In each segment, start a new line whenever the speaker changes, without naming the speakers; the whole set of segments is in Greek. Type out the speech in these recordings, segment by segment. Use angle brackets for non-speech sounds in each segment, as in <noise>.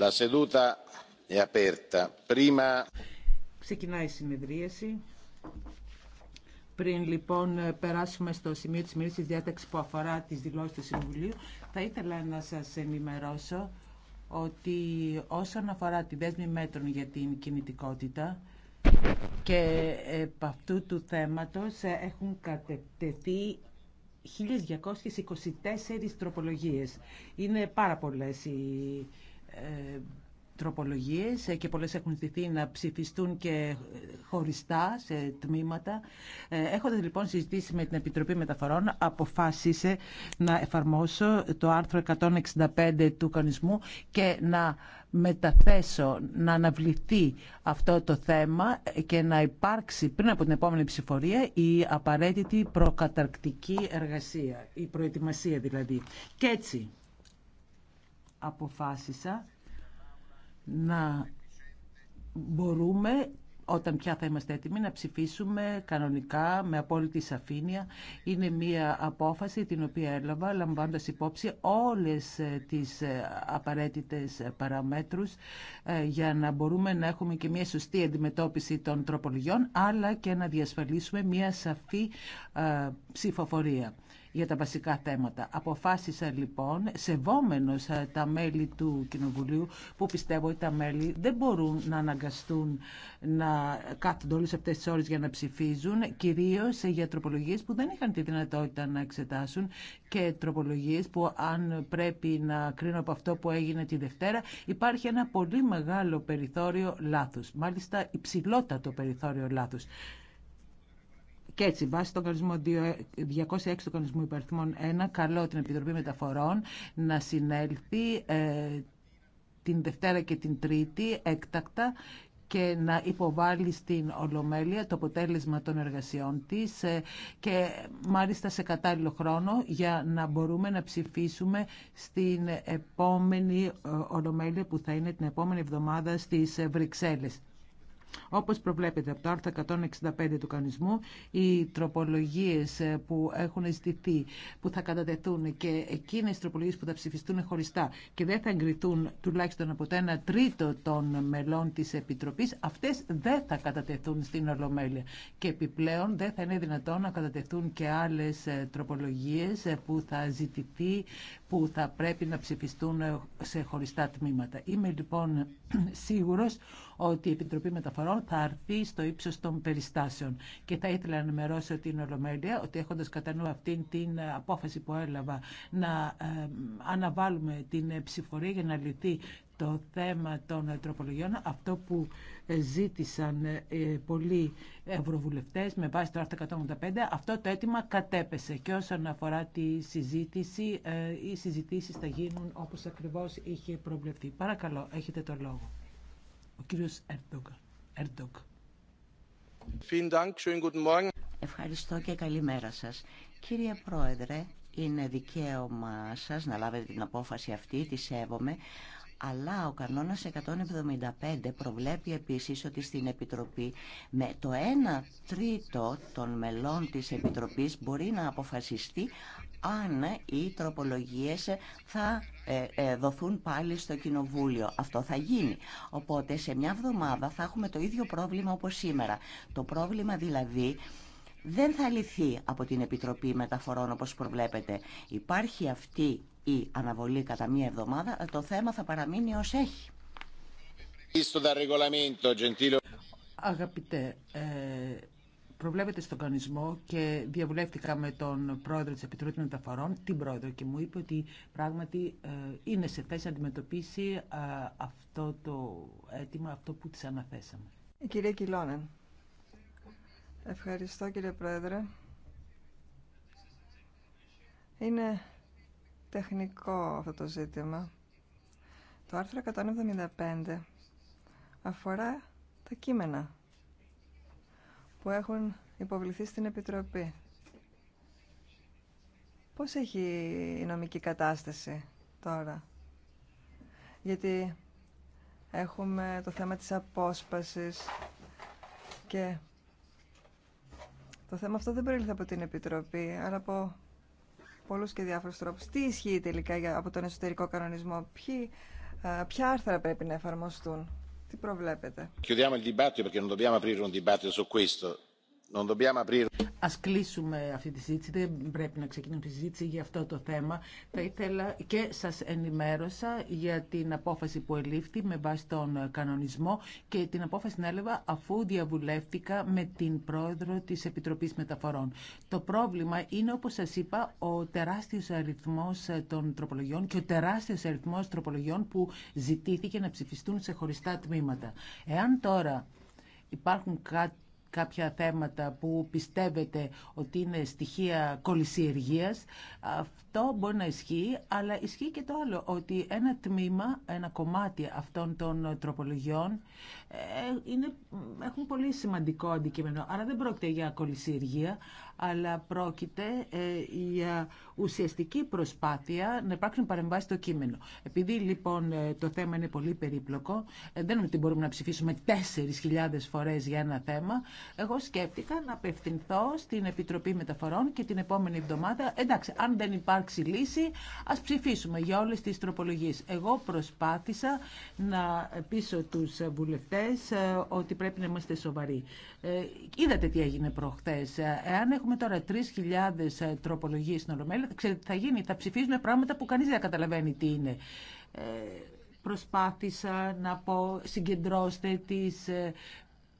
La seduta
Ξεκινάει η συνεδρίαση. Πριν λοιπόν περάσουμε στο σημείο της μήνυσης διάταξης που αφορά τις δηλώσεις του Συμβουλίου, θα ήθελα να σας ενημερώσω ότι όσον αφορά τη δέσμη μέτρων για την κινητικότητα και επ' αυτού του θέματος ε, έχουν κατεκτεθεί 1224 τροπολογίες. Είναι πάρα πολλές οι τροπολογίες και πολλές έχουν ζητηθεί να ψηφιστούν και χωριστά σε τμήματα. Ε, έχοντας λοιπόν συζητήσει με την Επιτροπή Μεταφορών, αποφάσισε να εφαρμόσω το άρθρο 165 του κανονισμού και να μεταθέσω, να αναβληθεί αυτό το θέμα και να υπάρξει πριν από την επόμενη ψηφορία η απαραίτητη προκαταρκτική εργασία, η προετοιμασία δηλαδή. Και έτσι, αποφάσισα να μπορούμε όταν πια θα είμαστε έτοιμοι να ψηφίσουμε κανονικά με απόλυτη σαφήνεια. Είναι μια απόφαση την οποία έλαβα λαμβάνοντας υπόψη όλες ε, τις ε, απαραίτητες παραμέτρους ε, για να μπορούμε να έχουμε και μια σωστή αντιμετώπιση των τροπολογιών αλλά και να διασφαλίσουμε μια σαφή ψηφοφορία για τα βασικά θέματα. Αποφάσισα λοιπόν, σεβόμενος ε, τα μέλη του Κοινοβουλίου, που πιστεύω ότι τα μέλη δεν μπορούν να αναγκαστούν να κάθονται όλες αυτές τις ώρες για να ψηφίζουν, κυρίως για τροπολογίες που δεν είχαν τη δυνατότητα να εξετάσουν και τροπολογίες που αν πρέπει να κρίνω από αυτό που έγινε τη Δευτέρα, υπάρχει ένα πολύ μεγάλο περιθώριο λάθους, μάλιστα υψηλότατο περιθώριο λάθους. Και έτσι, βάσει τον κανονισμό 206 του κανονισμού υπαριθμών 1, καλώ την Επιτροπή Μεταφορών να συνέλθει ε, την Δευτέρα και την Τρίτη έκτακτα και να υποβάλει στην Ολομέλεια το αποτέλεσμα των εργασιών της ε, και μάλιστα σε κατάλληλο χρόνο για να μπορούμε να ψηφίσουμε στην επόμενη ε, Ολομέλεια που θα είναι την επόμενη εβδομάδα στις Βρυξέλλες. Όπως προβλέπεται από το άρθρο 165 του κανονισμού, οι τροπολογίες ε, που έχουν ζητηθεί, που θα κατατεθούν και εκείνες οι τροπολογίες που θα ψηφιστούν χωριστά και δεν θα εγκριθούν τουλάχιστον από το 1 τρίτο των μελών της Επιτροπής, αυτές δεν θα κατατεθούν στην Ολομέλεια. Και επιπλέον δεν θα είναι δυνατόν να κατατεθούν και άλλες ε, τροπολογίες ε, που θα ζητηθεί που θα πρέπει να ψηφιστούν σε χωριστά τμήματα. Είμαι λοιπόν <clears throat> σίγουρος ότι η Επιτροπή Μεταφορών θα αρθεί στο ύψος των περιστάσεων. Και θα ήθελα να ενημερώσω την Ολομέλεια ότι έχοντας κατά νου αυτήν την απόφαση που έλαβα να ε, αναβάλουμε την ψηφορία για να λυθεί το θέμα των τροπολογιών, αυτό που ε, ζήτησαν ε, ε, πολλοί ευρωβουλευτές με βάση το άρθρο 185, αυτό το αίτημα κατέπεσε. Και όσον αφορά τη συζήτηση, οι συζητήσεις θα γίνουν όπως ακριβώς είχε προβλεφθεί. Παρακαλώ, έχετε το λόγο. Ο κύριος Ερντογκ. Ευχαριστώ και καλημέρα σας.
Κύριε Πρόεδρε, είναι δικαίωμα σας να λάβετε την απόφαση αυτή, τη σέβομαι, αλλά ο κανόνας 175 προβλέπει επίσης ότι στην Επιτροπή με το 1 τρίτο των μελών της Επιτροπής μπορεί να αποφασιστεί αν οι τροπολογίες θα ε, ε, δοθούν πάλι στο Κοινοβούλιο. Αυτό θα γίνει. Οπότε σε μια εβδομάδα θα έχουμε το ίδιο πρόβλημα όπως σήμερα. Το πρόβλημα δηλαδή δεν θα λυθεί από την Επιτροπή Μεταφορών όπως προβλέπετε. Υπάρχει αυτή η αναβολή κατά μία εβδομάδα,
το θέμα θα παραμείνει ως έχει. Αγαπητέ, ε, προβλέπετε στον κανονισμό και διαβουλεύτηκα με τον πρόεδρο της Επιτροπής Μεταφορών, την πρόεδρο, και μου είπε ότι πράγματι ε, είναι σε θέση να αντιμετωπίσει ε, αυτό το αίτημα, αυτό που της αναθέσαμε.
Η κυρία Ευχαριστώ κύριε Πρόεδρε. Είναι τεχνικό αυτό το ζήτημα. Το άρθρο 175 αφορά τα κείμενα που έχουν υποβληθεί στην Επιτροπή. Πώς έχει η νομική κατάσταση τώρα. Γιατί έχουμε το θέμα της απόσπασης και το θέμα αυτό δεν προήλθε από την Επιτροπή, αλλά από πολλούς και διάφορους τρόπους. Τι ισχύει τελικά από τον εσωτερικό κανονισμό, ε, ποια άρθρα πρέπει να εφαρμοστούν, τι προβλέπετε.
Chiudiamo il dibattito perché non dobbiamo aprire un dibattito su questo.
Α κλείσουμε αυτή τη συζήτηση,
δεν πρέπει να ξεκινούμε τη συζήτηση για αυτό το θέμα. Θα ήθελα και σα ενημέρωσα για την απόφαση που ελήφθη με βάση τον κανονισμό και την απόφαση την έλαβα αφού διαβουλεύτηκα με την πρόεδρο τη Επιτροπής Μεταφορών. Το πρόβλημα είναι, όπω σα είπα, ο τεράστιο αριθμό των τροπολογιών και ο τεράστιο αριθμό τροπολογιών που ζητήθηκε να ψηφιστούν σε χωριστά τμήματα. Εάν τώρα υπάρχουν κάτι κάποια θέματα που πιστεύετε ότι είναι στοιχεία κολυσιεργίας. Αυτό μπορεί να ισχύει, αλλά ισχύει και το άλλο, ότι ένα τμήμα, ένα κομμάτι αυτών των τροπολογιών ε, είναι, έχουν πολύ σημαντικό αντικείμενο. Άρα δεν πρόκειται για κολυσιεργία, αλλά πρόκειται ε, για ουσιαστική προσπάθεια να υπάρξουν παρεμβάσει στο κείμενο. Επειδή λοιπόν ε, το θέμα είναι πολύ περίπλοκο, δεν είναι ότι μπορούμε να ψηφίσουμε 4.000 φορές για ένα θέμα, εγώ σκέφτηκα να απευθυνθώ στην Επιτροπή Μεταφορών και την επόμενη εβδομάδα, εντάξει, αν δεν υπάρξει λύση, ας ψηφίσουμε για όλες τις τροπολογίε. Εγώ προσπάθησα να πείσω τους βουλευτές ε, ότι πρέπει να είμαστε σοβαροί. Ε, είδατε τι έγινε προχθές. Ε, εάν έχουμε τώρα 3.000 τροπολογίε στην Ολομέλεια, θα γίνει, θα ψηφίζουμε πράγματα που κανεί δεν καταλαβαίνει τι είναι προσπάθησα να πω συγκεντρώστε τις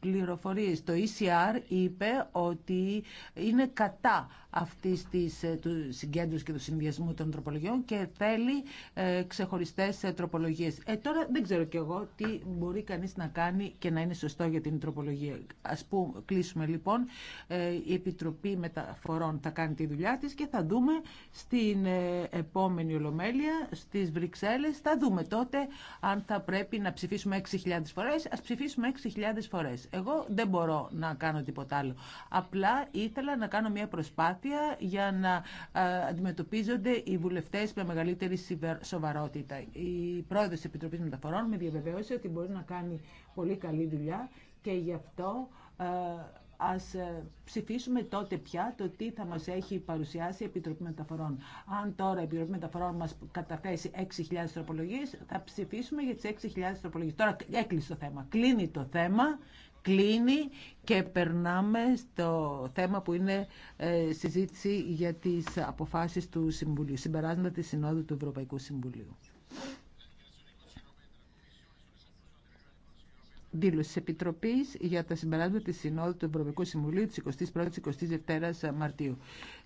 πληροφορίες. Το ECR είπε ότι είναι κατά αυτή τη ε, συγκέντρωση και του συνδυασμού των τροπολογιών και θέλει ε, ξεχωριστές ε, τροπολογίες. Ε, τώρα δεν ξέρω κι εγώ τι μπορεί κανεί να κάνει και να είναι σωστό για την τροπολογία. Α πούμε, κλείσουμε λοιπόν, ε, η Επιτροπή Μεταφορών θα κάνει τη δουλειά τη και θα δούμε στην επόμενη Ολομέλεια, στι Βρυξέλλες, θα δούμε τότε αν θα πρέπει να ψηφίσουμε 6.000 φορέ, α ψηφίσουμε 6.000 φορέ. Εγώ δεν μπορώ να κάνω τίποτα άλλο. Απλά ήθελα να κάνω μια προσπάθεια για να αντιμετωπίζονται οι βουλευτέ με μεγαλύτερη σοβαρότητα. Η πρόεδρο τη Επιτροπής Μεταφορών με διαβεβαίωσε ότι μπορεί να κάνει πολύ καλή δουλειά και γι' αυτό ας ε, ψηφίσουμε τότε πια το τι θα μας έχει παρουσιάσει η Επιτροπή Μεταφορών. Αν τώρα η Επιτροπή Μεταφορών μας καταθέσει 6.000 τροπολογίες, θα ψηφίσουμε για τις 6.000 τροπολογίες. Τώρα έκλεισε το θέμα. Κλείνει το θέμα κλείνει και περνάμε στο θέμα που είναι ε, συζήτηση για τις αποφάσεις του Συμβουλίου, συμπεράσματα της Συνόδου του Ευρωπαϊκού Συμβουλίου. δήλωση τη Επιτροπής για τα συμπεράσματα τη Συνόδου του Ευρωπαϊκού Συμβουλίου τη 21 η 22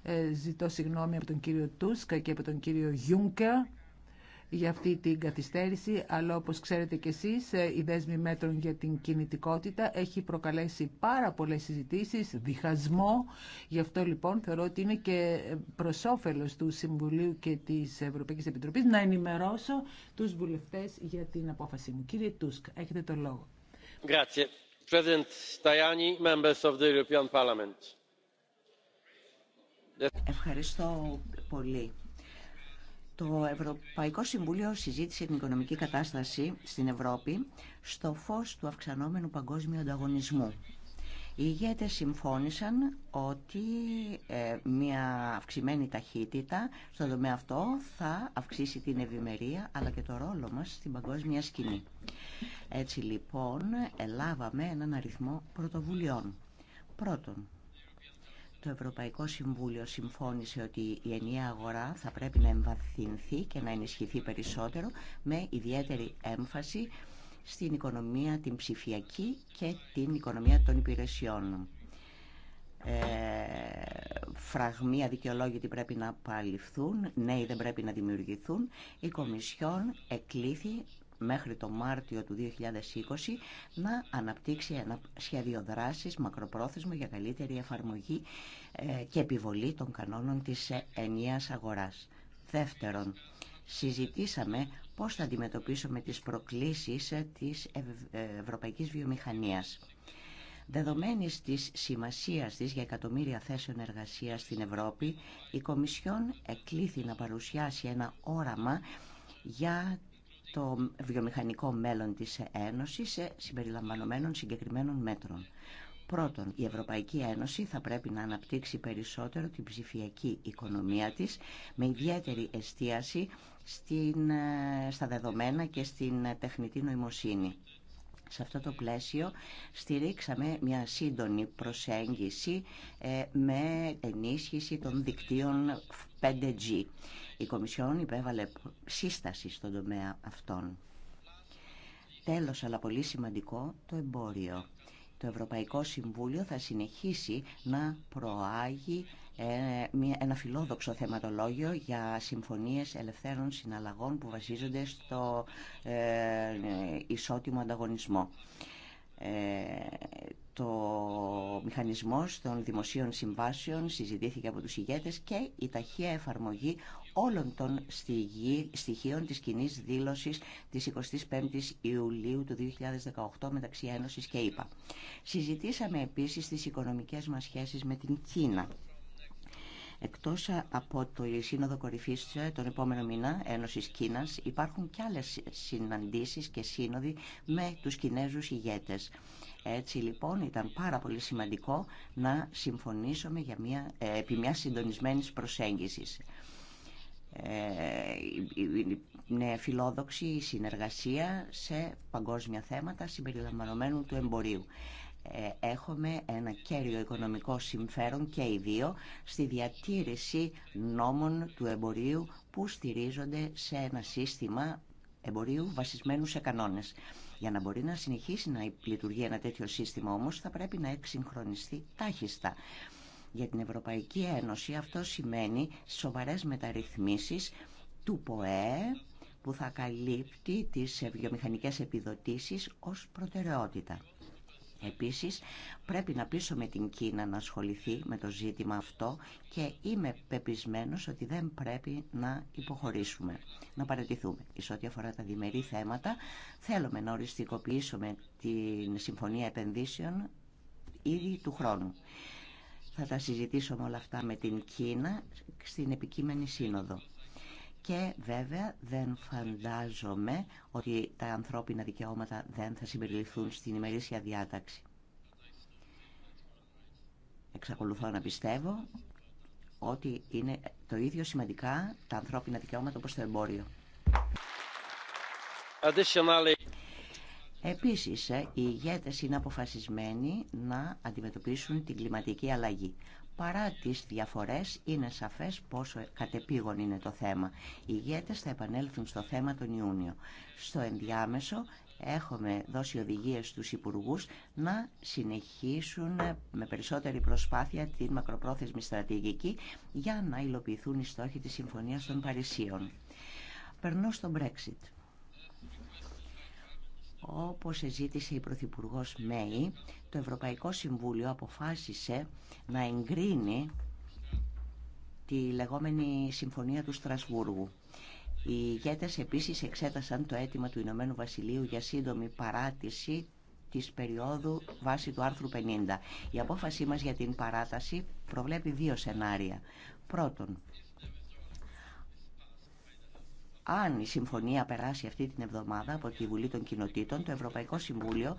η ζητώ συγγνώμη από τον κύριο Τούσκα και από τον κύριο Γιούνκα για αυτή την καθυστέρηση, αλλά όπως ξέρετε και εσείς, ε, η δέσμη μέτρων για την κινητικότητα έχει προκαλέσει πάρα πολλές συζητήσεις, διχασμό. Γι' αυτό λοιπόν θεωρώ ότι είναι και προς όφελος του Συμβουλίου και της Ευρωπαϊκής Επιτροπής να ενημερώσω τους βουλευτές για την απόφαση μου. Κύριε Τούσκ, έχετε το λόγο
ευχαριστώ πολύ. Το Ευρωπαϊκό Συμβούλιο συζήτησε την οικονομική κατάσταση στην Ευρώπη στο φως του αυξανόμενου παγκόσμιου ανταγωνισμού. Οι ηγέτες συμφώνησαν ότι ε, μια αυξημένη ταχύτητα στον τομέα αυτό θα αυξήσει την ευημερία αλλά και το ρόλο μας στην παγκόσμια σκηνή. Έτσι λοιπόν ελάβαμε έναν αριθμό πρωτοβουλειών. Πρώτον, το Ευρωπαϊκό Συμβούλιο συμφώνησε ότι η ενιαία αγορά θα πρέπει να εμβαθυνθεί και να ενισχυθεί περισσότερο με ιδιαίτερη έμφαση στην οικονομία την ψηφιακή και την οικονομία των υπηρεσιών. Ε, φραγμοί αδικαιολόγητοι πρέπει να απαλληφθούν, νέοι δεν πρέπει να δημιουργηθούν. Η Κομισιόν εκλήθη μέχρι το Μάρτιο του 2020 να αναπτύξει ένα σχέδιο δράσης μακροπρόθεσμο για καλύτερη εφαρμογή ε, και επιβολή των κανόνων της ενιαίας αγοράς. Δεύτερον, συζητήσαμε πώς θα αντιμετωπίσουμε τις προκλήσεις ε, της ε, ευρωπαϊκής βιομηχανίας. Δεδομένης της σημασίας της για εκατομμύρια θέσεων εργασίας στην Ευρώπη, η Κομισιόν εκλήθη να παρουσιάσει ένα όραμα για το βιομηχανικό μέλλον της Ένωσης ε, συμπεριλαμβανομένων συγκεκριμένων μέτρων. Πρώτον, η Ευρωπαϊκή Ένωση θα πρέπει να αναπτύξει περισσότερο την ψηφιακή οικονομία της με ιδιαίτερη εστίαση στην, ε, στα δεδομένα και στην ε, τεχνητή νοημοσύνη. Σε αυτό το πλαίσιο στηρίξαμε μια σύντονη προσέγγιση ε, με ενίσχυση των δικτύων 5G. Η Κομισιόν υπέβαλε σύσταση στον τομέα αυτών. Τέλος, αλλά πολύ σημαντικό, το εμπόριο. Το Ευρωπαϊκό Συμβούλιο θα συνεχίσει να προάγει ε, ένα φιλόδοξο θεματολόγιο για συμφωνίες ελευθέρων συναλλαγών που βασίζονται στο ε, ισότιμο ανταγωνισμό. Ε, το μηχανισμός των δημοσίων συμβάσεων συζητήθηκε από τους ηγέτες και η ταχεία εφαρμογή όλων των στοιχείων της κοινή δήλωσης της 25ης Ιουλίου του 2018 μεταξύ Ένωσης και ΕΠΑ. ΕΕ. Συζητήσαμε επίσης τις οικονομικές μας σχέσεις με την Κίνα. Εκτός ε, από το Σύνοδο Κορυφής ε, τον επόμενο μήνα Ένωση Κίνας υπάρχουν και άλλες συναντήσεις και σύνοδοι με τους Κινέζους ηγέτες. Έτσι λοιπόν ήταν πάρα πολύ σημαντικό να συμφωνήσουμε για μια, ε, επί μια συντονισμένης προσέγγισης. Είναι φιλόδοξη συνεργασία σε παγκόσμια θέματα συμπεριλαμβανομένου του εμπορίου. Ε, έχουμε ένα κέριο οικονομικό συμφέρον και οι δύο στη διατήρηση νόμων του εμπορίου που στηρίζονται σε ένα σύστημα εμπορίου βασισμένου σε κανόνες. Για να μπορεί να συνεχίσει να λειτουργεί ένα τέτοιο σύστημα όμως θα πρέπει να εξυγχρονιστεί τάχιστα. Για την Ευρωπαϊκή Ένωση αυτό σημαίνει σοβαρές μεταρρυθμίσεις του ΠΟΕ που θα καλύπτει τις βιομηχανικές επιδοτήσεις ως προτεραιότητα. Επίσης, πρέπει να πείσουμε την Κίνα να ασχοληθεί με το ζήτημα αυτό και είμαι πεπισμένος ότι δεν πρέπει να υποχωρήσουμε, να παρατηθούμε. Εις ό,τι αφορά τα διμερή θέματα, θέλουμε να οριστικοποιήσουμε την Συμφωνία Επενδύσεων ήδη του χρόνου. Θα τα συζητήσουμε όλα αυτά με την Κίνα στην επικείμενη σύνοδο. Και βέβαια δεν φαντάζομαι ότι τα ανθρώπινα δικαιώματα δεν θα συμπεριληφθούν στην ημερήσια διάταξη. Εξακολουθώ να πιστεύω ότι είναι το ίδιο σημαντικά τα ανθρώπινα δικαιώματα όπως το εμπόριο. Επίσης, ε, οι ηγέτες είναι αποφασισμένοι να αντιμετωπίσουν την κλιματική αλλαγή. Παρά τις διαφορές, είναι σαφές πόσο κατεπήγον είναι το θέμα. Οι ηγέτες θα επανέλθουν στο θέμα τον Ιούνιο. Στο ενδιάμεσο έχουμε δώσει οδηγίες στους υπουργούς να συνεχίσουν με περισσότερη προσπάθεια την μακροπρόθεσμη στρατηγική για να υλοποιηθούν οι στόχοι της Συμφωνίας των Παρισίων. Περνώ στο Brexit. Όπως ζήτησε η Πρωθυπουργό Μέη, το Ευρωπαϊκό Συμβούλιο αποφάσισε να εγκρίνει τη λεγόμενη Συμφωνία του Στρασβούργου. Οι ηγέτες επίσης εξέτασαν το αίτημα του Ηνωμένου Βασιλείου για σύντομη παράτηση της περίοδου βάσει του άρθρου 50. Η απόφασή μας για την παράταση προβλέπει δύο σενάρια. Πρώτον, αν η συμφωνία περάσει αυτή την εβδομάδα από τη Βουλή των Κοινοτήτων, το Ευρωπαϊκό Συμβούλιο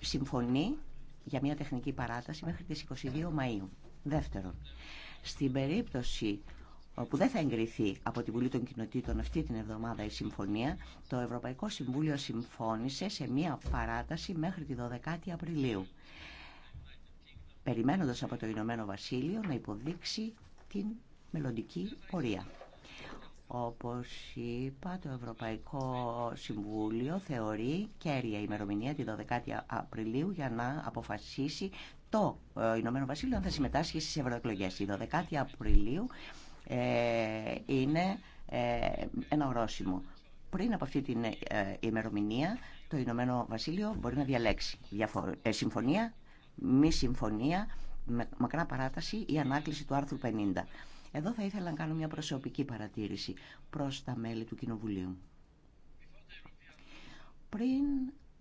συμφωνεί για μια τεχνική παράταση μέχρι τις 22 Μαΐου. Δεύτερον, στην περίπτωση που δεν θα εγκριθεί από τη Βουλή των Κοινοτήτων αυτή την εβδομάδα η συμφωνία, το Ευρωπαϊκό Συμβούλιο συμφώνησε σε μια παράταση μέχρι τη 12η Απριλίου, περιμένοντας από το Ηνωμένο Βασίλειο να υποδείξει την μελλοντική πορεία. Όπως είπα, το Ευρωπαϊκό Συμβούλιο θεωρεί κέρια ημερομηνία τη 12η Απριλίου για να αποφασίσει το ε, Ηνωμένο Βασίλειο αν θα συμμετάσχει στις ευρωεκλογές. Η 12η Απριλίου ε, είναι ε, ένα ορόσημο. Πριν από αυτή την ημερομηνία, το Ηνωμένο Βασίλειο μπορεί να διαλέξει συμφωνία, μη συμφωνία, μακρά παράταση ή ανάκληση του άρθρου 50. Εδώ θα ήθελα να κάνω μια προσωπική παρατήρηση προς τα μέλη του Κοινοβουλίου. Πριν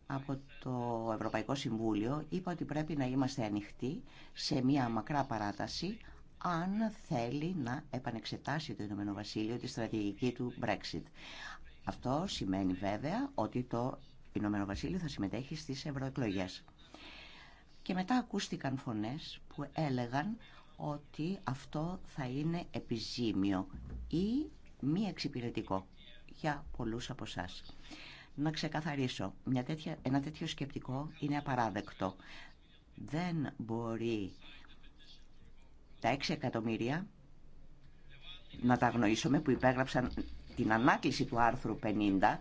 από το Ευρωπαϊκό Συμβούλιο είπα ότι πρέπει να είμαστε ανοιχτοί σε μια μακρά παράταση αν θέλει να επανεξετάσει το Ηνωμένο Βασίλειο τη στρατηγική του Brexit. Αυτό σημαίνει βέβαια ότι το Ηνωμένο Βασίλειο θα συμμετέχει στις ευρωεκλογέ. Και μετά ακούστηκαν φωνές που έλεγαν ότι αυτό θα είναι επιζήμιο ή μη εξυπηρετικό για πολλούς από εσά. Να ξεκαθαρίσω, μια τέτοια, ένα τέτοιο σκεπτικό είναι απαράδεκτο. Δεν μπορεί τα 6 εκατομμύρια να τα γνωρίσουμε που υπέγραψαν την ανάκληση του άρθρου 50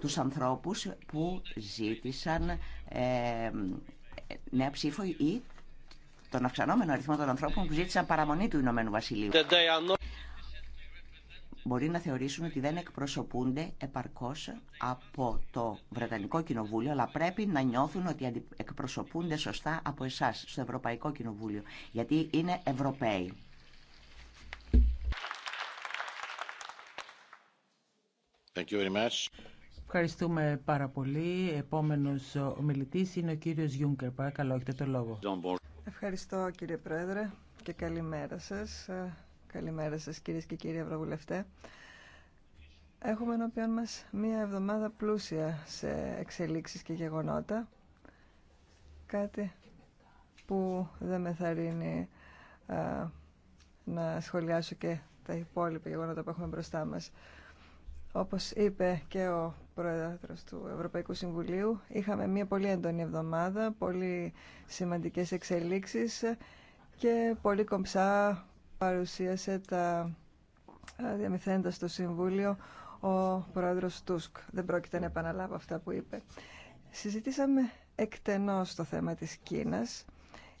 τους ανθρώπους που ζήτησαν ε, νέα ψήφο ή τον αυξανόμενο αριθμό των ανθρώπων που ζήτησαν παραμονή του Ηνωμένου Βασιλείου. Μπορεί να θεωρήσουν ότι δεν εκπροσωπούνται επαρκώς από το Βρετανικό Κοινοβούλιο, αλλά πρέπει να νιώθουν ότι εκπροσωπούνται σωστά από εσά, στο Ευρωπαϊκό Κοινοβούλιο, γιατί είναι Ευρωπαίοι.
Thank you very much.
Ευχαριστούμε πάρα πολύ. Επόμενος ομιλητής είναι ο κύριος Γιούγκερ. Παρακαλώ, έχετε το λόγο.
Ευχαριστώ κύριε Πρόεδρε και καλημέρα σας. Καλημέρα σας κυρίες και κύριοι Ευρωβουλευτέ. Έχουμε ενώπιον μας μία εβδομάδα πλούσια σε εξελίξεις και γεγονότα. Κάτι που δεν με θαρρύνει να σχολιάσω και τα υπόλοιπα γεγονότα που έχουμε μπροστά μας. Όπως είπε και ο Πρόεδρος του Ευρωπαϊκού Συμβουλίου, είχαμε μια πολύ έντονη εβδομάδα, πολύ σημαντικές εξελίξεις και πολύ κομψά παρουσίασε τα διαμηθέντα στο Συμβούλιο ο Πρόεδρος Τούσκ. Δεν πρόκειται να επαναλάβω αυτά που είπε. Συζητήσαμε εκτενώς το θέμα της Κίνας.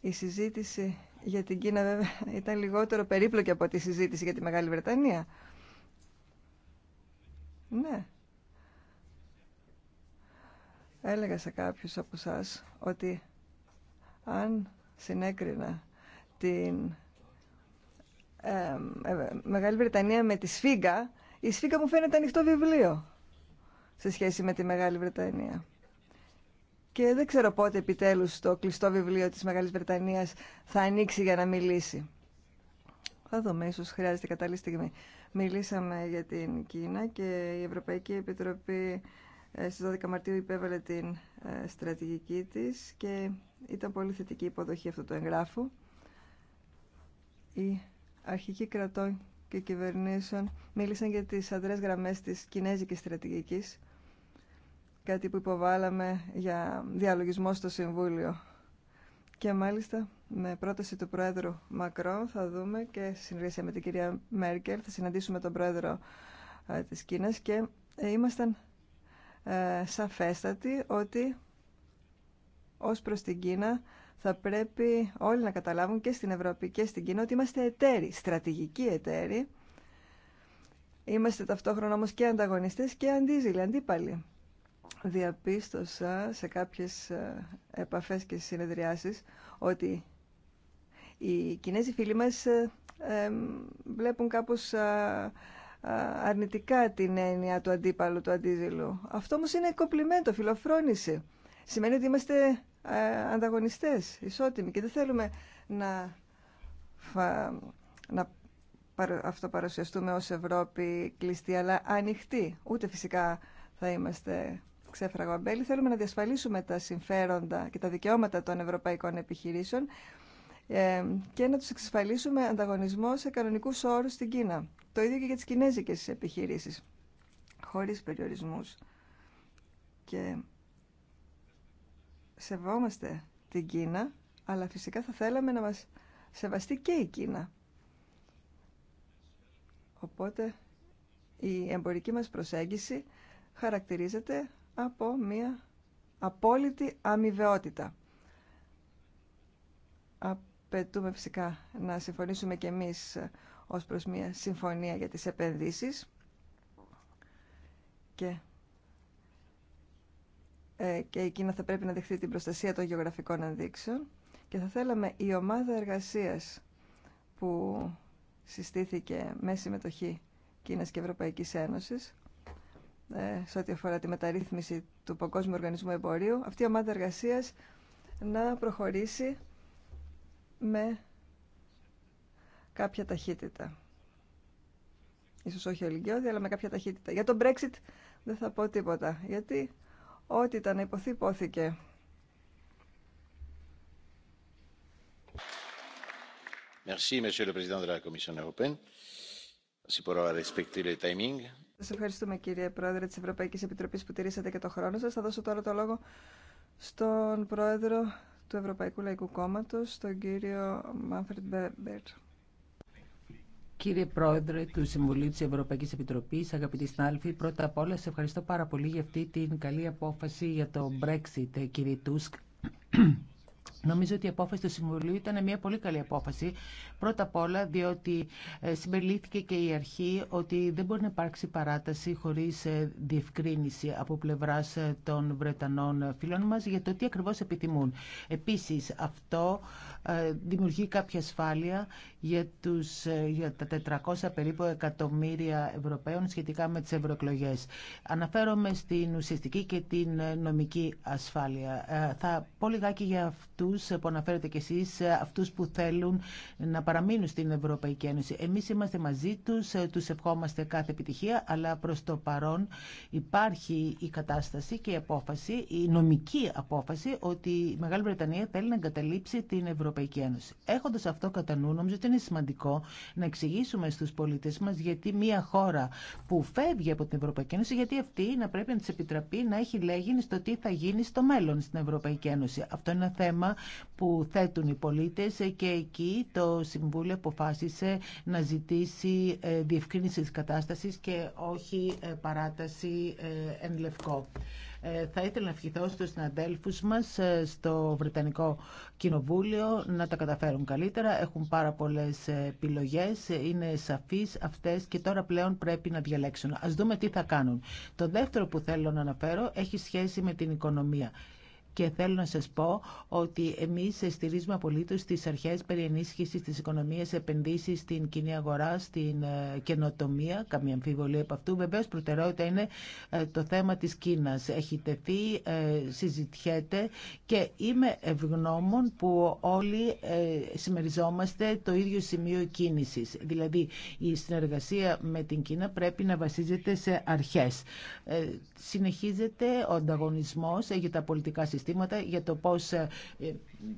Η συζήτηση για την Κίνα βέβαια ήταν λιγότερο περίπλοκη από τη συζήτηση για τη Μεγάλη Βρετανία. Ναι. Έλεγα σε κάποιους από εσά ότι αν συνέκρινα την ε, Μεγάλη Βρετανία με τη Σφίγγα, η Σφίγγα μου φαίνεται ανοιχτό βιβλίο σε σχέση με τη Μεγάλη Βρετανία. Και δεν ξέρω πότε επιτέλους το κλειστό βιβλίο της Μεγάλης Βρετανίας θα ανοίξει για να μιλήσει. Θα δούμε, ίσως χρειάζεται κατάλληλη στιγμή. Μιλήσαμε για την Κίνα και η Ευρωπαϊκή Επιτροπή ε, στις 12 Μαρτίου υπέβαλε την ε, στρατηγική της και ήταν πολύ θετική υποδοχή αυτού του εγγράφου. Οι αρχικοί κρατών και κυβερνήσεων μίλησαν για τις αδρές γραμμές της κινέζικης στρατηγικής, κάτι που υποβάλαμε για διαλογισμό στο Συμβούλιο. Και μάλιστα με πρόταση του Πρόεδρου Μακρό θα δούμε και σε συνεργασία με την κυρία Μέρκελ θα συναντήσουμε τον Πρόεδρο ε, της Κίνας και ε, ήμασταν ε, σαφέστατοι ότι ως προς την Κίνα θα πρέπει όλοι να καταλάβουν και στην Ευρώπη και στην Κίνα ότι είμαστε εταίροι, στρατηγικοί εταίροι. Είμαστε ταυτόχρονα όμως και ανταγωνιστές και αντίζηλοι, αντίπαλοι. Διαπίστωσα σε κάποιες επαφές και συνεδριάσεις ότι οι Κινέζοι φίλοι μας ε, βλέπουν κάπως αρνητικά την έννοια του αντίπαλου του αντίζηλου. Αυτό όμως είναι κοπλιμέντο, φιλοφρόνηση. Σημαίνει ότι είμαστε ε, ανταγωνιστές, ισότιμοι και δεν θέλουμε να, να αυτοπαρουσιαστούμε ως Ευρώπη κλειστή, αλλά ανοιχτή. Ούτε φυσικά θα είμαστε ξέφραγο αμπέλη. Θέλουμε να διασφαλίσουμε τα συμφέροντα και τα δικαιώματα των ευρωπαϊκών επιχειρήσεων ε, και να τους εξασφαλίσουμε ανταγωνισμό σε κανονικούς όρους στην Κίνα. Το ίδιο και για τις κινέζικες επιχειρήσεις, χωρίς περιορισμούς. Και σεβόμαστε την Κίνα, αλλά φυσικά θα θέλαμε να μας σεβαστεί και η Κίνα. Οπότε η εμπορική μας προσέγγιση χαρακτηρίζεται από μια απόλυτη αμοιβαιότητα απαιτούμε φυσικά να συμφωνήσουμε και εμείς ως προς μια συμφωνία για τις επενδύσεις και, ε, και η Κίνα θα πρέπει να δεχθεί την προστασία των γεωγραφικών ενδείξεων και θα θέλαμε η ομάδα εργασίας που συστήθηκε με συμμετοχή Κίνας και Ευρωπαϊκής Ένωσης ε, σε ό,τι αφορά τη μεταρρύθμιση του Παγκόσμιου Οργανισμού Εμπορίου αυτή η ομάδα εργασίας να προχωρήσει με κάποια ταχύτητα. Ίσως όχι ολικιώδη, αλλά με κάποια ταχύτητα. Για τον Brexit δεν θα πω τίποτα, γιατί ό,τι ήταν υποθεί, υπόθηκε.
Merci, Monsieur le Président de la Commission européenne. timing.
Σας ευχαριστούμε κύριε Πρόεδρε της Ευρωπαϊκής Επιτροπής που τηρήσατε και το χρόνο σας. Θα δώσω τώρα το λόγο στον Πρόεδρο του Ευρωπαϊκού Λαϊκού Κόμματος, τον κύριο Μάνφρεντ Μπέμπερ. Κύριε
Πρόεδρε του Συμβουλίου της Ευρωπαϊκής Επιτροπής, αγαπητοί συνάδελφοι, πρώτα απ' όλα σε ευχαριστώ πάρα πολύ για αυτή την καλή απόφαση για το Brexit, κύριε Τούσκ Νομίζω ότι η απόφαση του Συμβουλίου ήταν μια πολύ καλή απόφαση. Πρώτα απ' όλα διότι ε, συμπεριλήφθηκε και η αρχή ότι δεν μπορεί να υπάρξει παράταση χωρί ε, διευκρίνηση από πλευρά ε, των Βρετανών φίλων μα για το τι ακριβώ επιθυμούν. Επίση, αυτό δημιουργεί κάποια ασφάλεια για, τους, για τα 400 περίπου εκατομμύρια Ευρωπαίων σχετικά με τι ευρωεκλογέ. Αναφέρομαι στην ουσιαστική και την νομική ασφάλεια. Θα πω λιγάκι για αυτού αυτούς που αναφέρετε κι εσείς, ε, αυτούς που θέλουν να παραμείνουν στην Ευρωπαϊκή Ένωση. Εμείς είμαστε μαζί τους, ε, τους ευχόμαστε κάθε επιτυχία, αλλά προς το παρόν υπάρχει η κατάσταση και η απόφαση, η νομική απόφαση ότι η Μεγάλη Βρετανία θέλει να εγκαταλείψει την Ευρωπαϊκή Ένωση. Έχοντας αυτό κατά νου, νομίζω ότι είναι σημαντικό να εξηγήσουμε στους πολίτες μας γιατί μια χώρα που φεύγει από την Ευρωπαϊκή Ένωση, γιατί αυτή να πρέπει να της επιτραπεί να έχει λέγει στο τι θα γίνει στο μέλλον στην Ευρωπαϊκή Ένωση. Αυτό είναι ένα θέμα που θέτουν οι πολίτες και εκεί το Συμβούλιο αποφάσισε να ζητήσει ε, διευκρίνηση της κατάστασης και όχι ε, παράταση ε, εν λευκό. Θα ήθελα να ευχηθώ στους συναδέλφους μας στο Βρετανικό Κοινοβούλιο να τα καταφέρουν καλύτερα. Έχουν πάρα πολλές επιλογές, είναι σαφείς αυτές και τώρα πλέον πρέπει να διαλέξουν. Ας δούμε τι θα κάνουν. Το δεύτερο που θέλω να αναφέρω έχει σχέση με την οικονομία και θέλω να σας πω ότι εμείς στηρίζουμε απολύτως τις αρχές περί ενίσχυσης της οικονομίας επενδύσεις στην κοινή αγορά, στην ε, καινοτομία, καμία αμφιβολία από αυτού. Βεβαίως προτεραιότητα είναι ε, το θέμα της Κίνας. Έχει τεθεί, ε, συζητιέται και είμαι ευγνώμων που όλοι συμμεριζόμαστε το ίδιο σημείο κίνησης. Δηλαδή η συνεργασία με την Κίνα πρέπει να βασίζεται σε αρχές. Συνεχίζεται ο ανταγωνισμός για τα πολιτικά συστήματα συστήματα για το πώς ε, ε,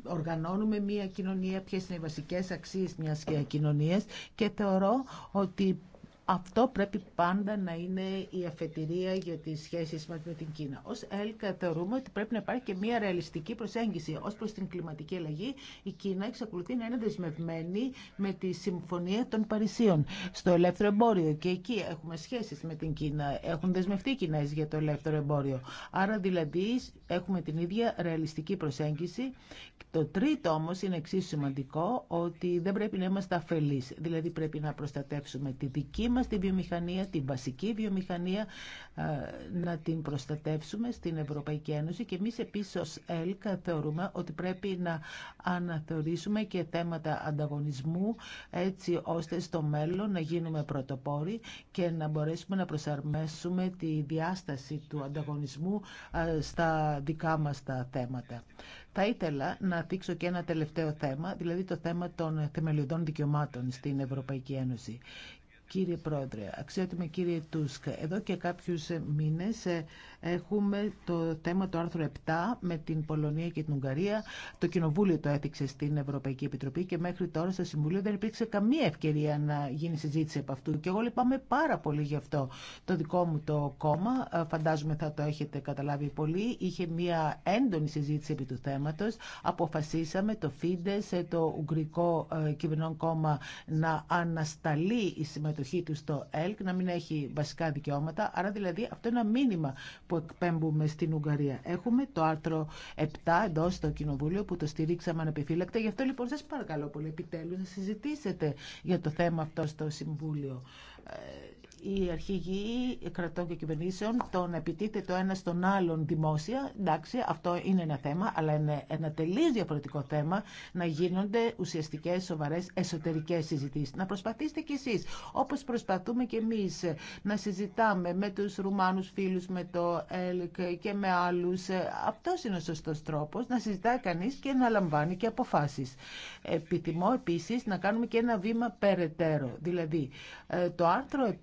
οργανώνουμε μια κοινωνία, ποιες είναι οι βασικές αξίες μιας κοινωνίας και θεωρώ ότι αυτό πρέπει πάντα να είναι η αφετηρία για τι σχέσει μα με την Κίνα. Ω ΕΛΚΑ θεωρούμε ότι πρέπει να υπάρχει και μια ρεαλιστική προσέγγιση Ω προ την κλιματική αλλαγή. Η Κίνα εξακολουθεί να είναι δεσμευμένη με τη Συμφωνία των Παρισίων στο ελεύθερο εμπόριο και εκεί έχουμε σχέσει με την Κίνα. Έχουν δεσμευτεί οι Κινέζοι για το ελεύθερο εμπόριο. Άρα δηλαδή έχουμε την ίδια ρεαλιστική προσέγγιση. Το τρίτο όμω είναι εξίσου σημαντικό ότι δεν πρέπει να είμαστε αφελεί. Δηλαδή πρέπει να προστατεύσουμε τη δική μα μας βιομηχανία, την βασική βιομηχανία, ε, να την προστατεύσουμε στην Ευρωπαϊκή Ένωση και εμείς επίσης ως ΕΛΚΑ θεωρούμε ότι πρέπει να αναθεωρήσουμε και θέματα ανταγωνισμού έτσι ώστε στο μέλλον να γίνουμε πρωτοπόροι και να μπορέσουμε να προσαρμέσουμε τη διάσταση του ανταγωνισμού ε, στα δικά μας τα θέματα. Θα ήθελα να δείξω και ένα τελευταίο θέμα, δηλαδή το θέμα των θεμελιωδών δικαιωμάτων στην Ευρωπαϊκή Ένωση. Κύριε Πρόεδρε, αξιότιμε κύριε Τούσκα, εδώ και κάποιους μήνες ε, Έχουμε το θέμα του άρθρου 7 με την Πολωνία και την Ουγγαρία. Το Κοινοβούλιο το έθιξε στην Ευρωπαϊκή Επιτροπή και μέχρι τώρα στο Συμβουλίο δεν υπήρξε καμία ευκαιρία να γίνει συζήτηση από αυτού. Και εγώ λυπάμαι πάρα πολύ γι' αυτό. Το δικό μου το κόμμα, ε, φαντάζομαι θα το έχετε καταλάβει πολύ, είχε μία έντονη συζήτηση επί του θέματο. Αποφασίσαμε το ΦΙΝΤΕΣ, το Ουγγρικό ε, Κυβερνών Κόμμα, να ανασταλεί η συμμετοχή του στο ΕΛΚ, να μην έχει βασικά δικαιώματα. Άρα δηλαδή αυτό είναι ένα μήνυμα που εκπέμπουμε στην Ουγγαρία. Έχουμε το άρθρο 7 εντό στο Κοινοβούλιο που το στηρίξαμε ανεπιφύλακτα. Γι' αυτό λοιπόν σας παρακαλώ πολύ επιτέλους να συζητήσετε για το θέμα αυτό στο Συμβούλιο. Ε, οι αρχηγοί κρατών και κυβερνήσεων τον επιτίθεται το ένα στον άλλον δημόσια. Εντάξει, αυτό είναι ένα θέμα, αλλά είναι ένα τελείω διαφορετικό θέμα να γίνονται ουσιαστικέ σοβαρέ εσωτερικέ συζητήσει. Να προσπαθήσετε κι εσεί. Όπω προσπαθούμε κι εμεί να συζητάμε με του Ρουμάνου φίλου, με το ΕΛΚ και με άλλου. Αυτό είναι ο σωστό τρόπο, να συζητάει κανεί και να λαμβάνει και αποφάσει. Επιθυμώ επίση να κάνουμε και ένα βήμα περαιτέρω. Δηλαδή, ε, το άρθρο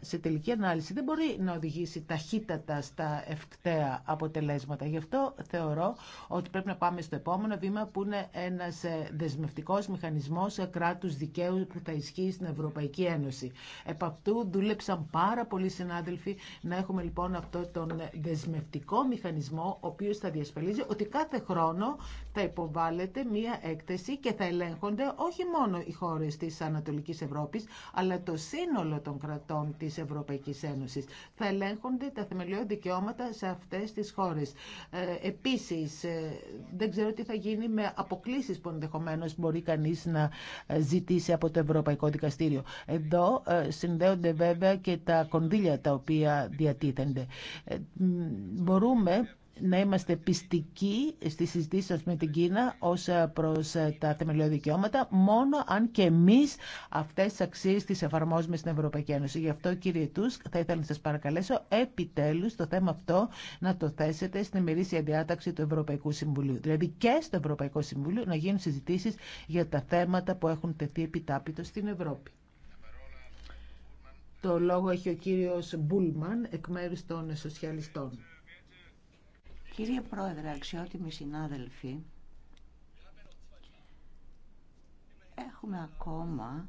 σε τελική ανάλυση δεν μπορεί να οδηγήσει ταχύτατα στα ευκταία αποτελέσματα. Γι' αυτό θεωρώ ότι πρέπει να πάμε στο επόμενο βήμα που είναι ένας ε, δεσμευτικός μηχανισμός ε, κράτους δικαίου που θα ισχύει στην Ευρωπαϊκή Ένωση. Επ' αυτού δούλεψαν πάρα πολλοί συνάδελφοι να έχουμε λοιπόν αυτό τον δεσμευτικό μηχανισμό ο οποίος θα διασφαλίζει ότι κάθε χρόνο θα υποβάλλεται μία έκθεση και θα ελέγχονται όχι μόνο οι χώρες της Ανατολικής Ευρώπης αλλά το σύνολο των κρατών χωρών της Ευρωπαϊκής Ένωσης. Θα ελέγχονται τα θεμελιώδη δικαιώματα σε αυτές τις χώρες. Ε, επίσης, ε, δεν ξέρω τι θα γίνει με αποκλήσεις που ενδεχομένω μπορεί κανείς να ε, ζητήσει από το Ευρωπαϊκό Δικαστήριο. Εδώ ε, συνδέονται βέβαια και τα κονδύλια τα οποία διατίθενται. μπορούμε να είμαστε πιστικοί στη συζήτηση με την Κίνα ως ε, προς ε, τα θεμελιώδη δικαιώματα, μόνο αν και εμείς αυτές τις αξίες τις εφαρμόζουμε στην Ευρωπαϊκή Ένωση. Γι' αυτό, κύριε Τούσκ, θα ήθελα να σας παρακαλέσω επιτέλους το θέμα αυτό να το θέσετε στην ημερήσια διάταξη του Ευρωπαϊκού Συμβουλίου. Δηλαδή και στο Ευρωπαϊκό Συμβούλιο να γίνουν συζητήσεις για τα θέματα που έχουν τεθεί επιτάπητο στην Ευρώπη. Το λόγο έχει ο κύριος Μπούλμαν εκ μέρους των σοσιαλιστών. Κύριε Πρόεδρε, αξιότιμοι συνάδελφοι,
έχουμε ακόμα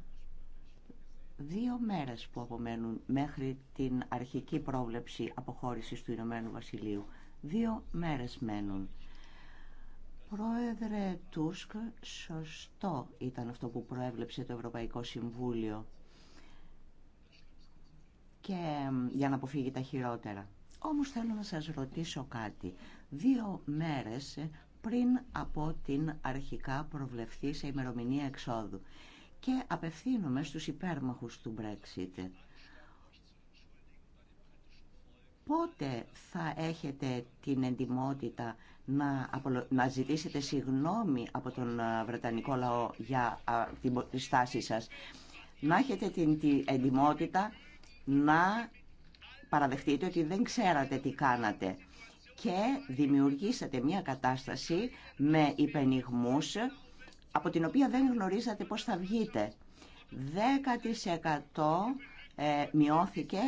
δύο μέρες που απομένουν μέχρι την αρχική πρόβλεψη αποχώρησης του Ηνωμένου Βασιλείου. Δύο μέρες μένουν. Πρόεδρε Τούσκ, σωστό ήταν αυτό που προέβλεψε το Ευρωπαϊκό Συμβούλιο και για να αποφύγει τα χειρότερα. Όμως θέλω να σας ρωτήσω κάτι δύο μέρες πριν από την αρχικά προβλεφθή σε ημερομηνία εξόδου και απευθύνομαι στους υπέρμαχους του Brexit. Πότε θα έχετε την εντιμότητα να, να ζητήσετε συγνώμη από τον Βρετανικό λαό για τη στάση σας. Να έχετε την εντιμότητα να παραδεχτείτε ότι δεν ξέρατε τι κάνατε και δημιουργήσατε μια κατάσταση με υπενιγμούς από την οποία δεν γνωρίζατε πώς θα βγείτε. 10% ε, μειώθηκε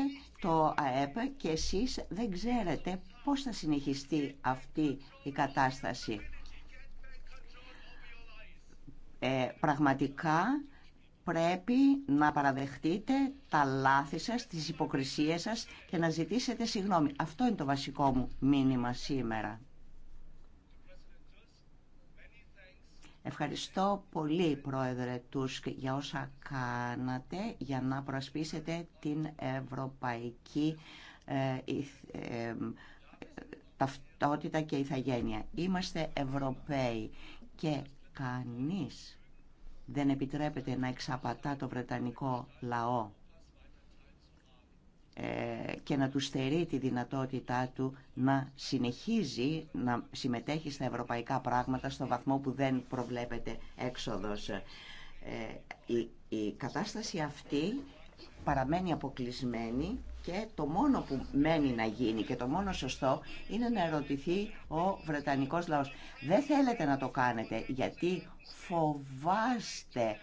το ΑΕΠ και εσείς δεν ξέρετε πώς θα συνεχιστεί αυτή η κατάσταση. Ε, πραγματικά πρέπει να παραδεχτείτε τα λάθη σας, τις υποκρισίες σας και να ζητήσετε συγγνώμη. Αυτό είναι το βασικό μου μήνυμα σήμερα. Ευχαριστώ πολύ, Πρόεδρε Τούσκ, για όσα κάνατε για να προασπίσετε την ευρωπαϊκή ε, ταυτότητα και ηθαγένεια. Είμαστε Ευρωπαίοι και κανείς δεν επιτρέπεται να εξαπατά το Βρετανικό λαό ε, και να του στερεί τη δυνατότητά του να συνεχίζει να συμμετέχει στα ευρωπαϊκά πράγματα στο βαθμό που δεν προβλέπεται έξοδος. Ε, η κατάσταση αυτή παραμένει αποκλεισμένη και το μόνο που μένει να γίνει και το μόνο σωστό είναι να ερωτηθεί ο Βρετανικός λαός. Δεν θέλετε να το κάνετε γιατί φοβάστε,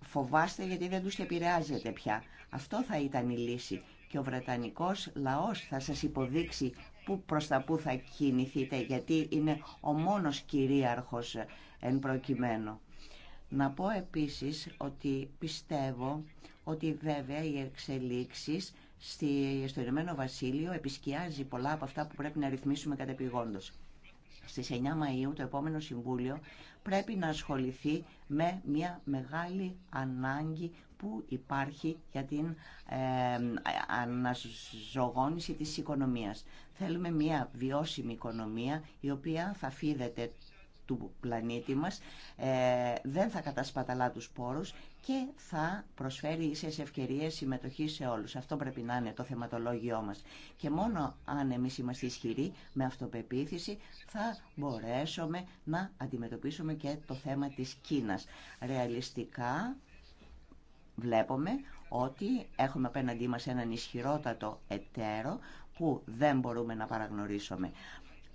φοβάστε γιατί δεν τους επηρεάζετε πια. Αυτό θα ήταν η λύση και ο Βρετανικός λαός θα σας υποδείξει που προς τα που θα κινηθείτε γιατί είναι ο μόνος κυρίαρχος εν προκειμένου. Να πω επίσης ότι πιστεύω ότι βέβαια οι εξελίξεις στο Ηνωμένο Βασίλειο επισκιάζει πολλά από αυτά που πρέπει να ρυθμίσουμε κατεπηγόντως. Στις 9 Μαΐου το επόμενο Συμβούλιο πρέπει να ασχοληθεί με μια μεγάλη ανάγκη που υπάρχει για την αναζωγόνηση της οικονομίας. Θέλουμε μια βιώσιμη οικονομία η οποία θα φίδεται του πλανήτη μας, ε, δεν θα κατασπαταλά τους πόρους και θα προσφέρει ίσες ευκαιρίες συμμετοχή σε όλους. Αυτό πρέπει να είναι το θεματολόγιό μας. Και μόνο αν εμείς είμαστε ισχυροί, με αυτοπεποίθηση, θα μπορέσουμε να αντιμετωπίσουμε και το θέμα της Κίνας. Ρεαλιστικά βλέπουμε ότι έχουμε απέναντί μας έναν ισχυρότατο εταίρο που δεν μπορούμε να παραγνωρίσουμε.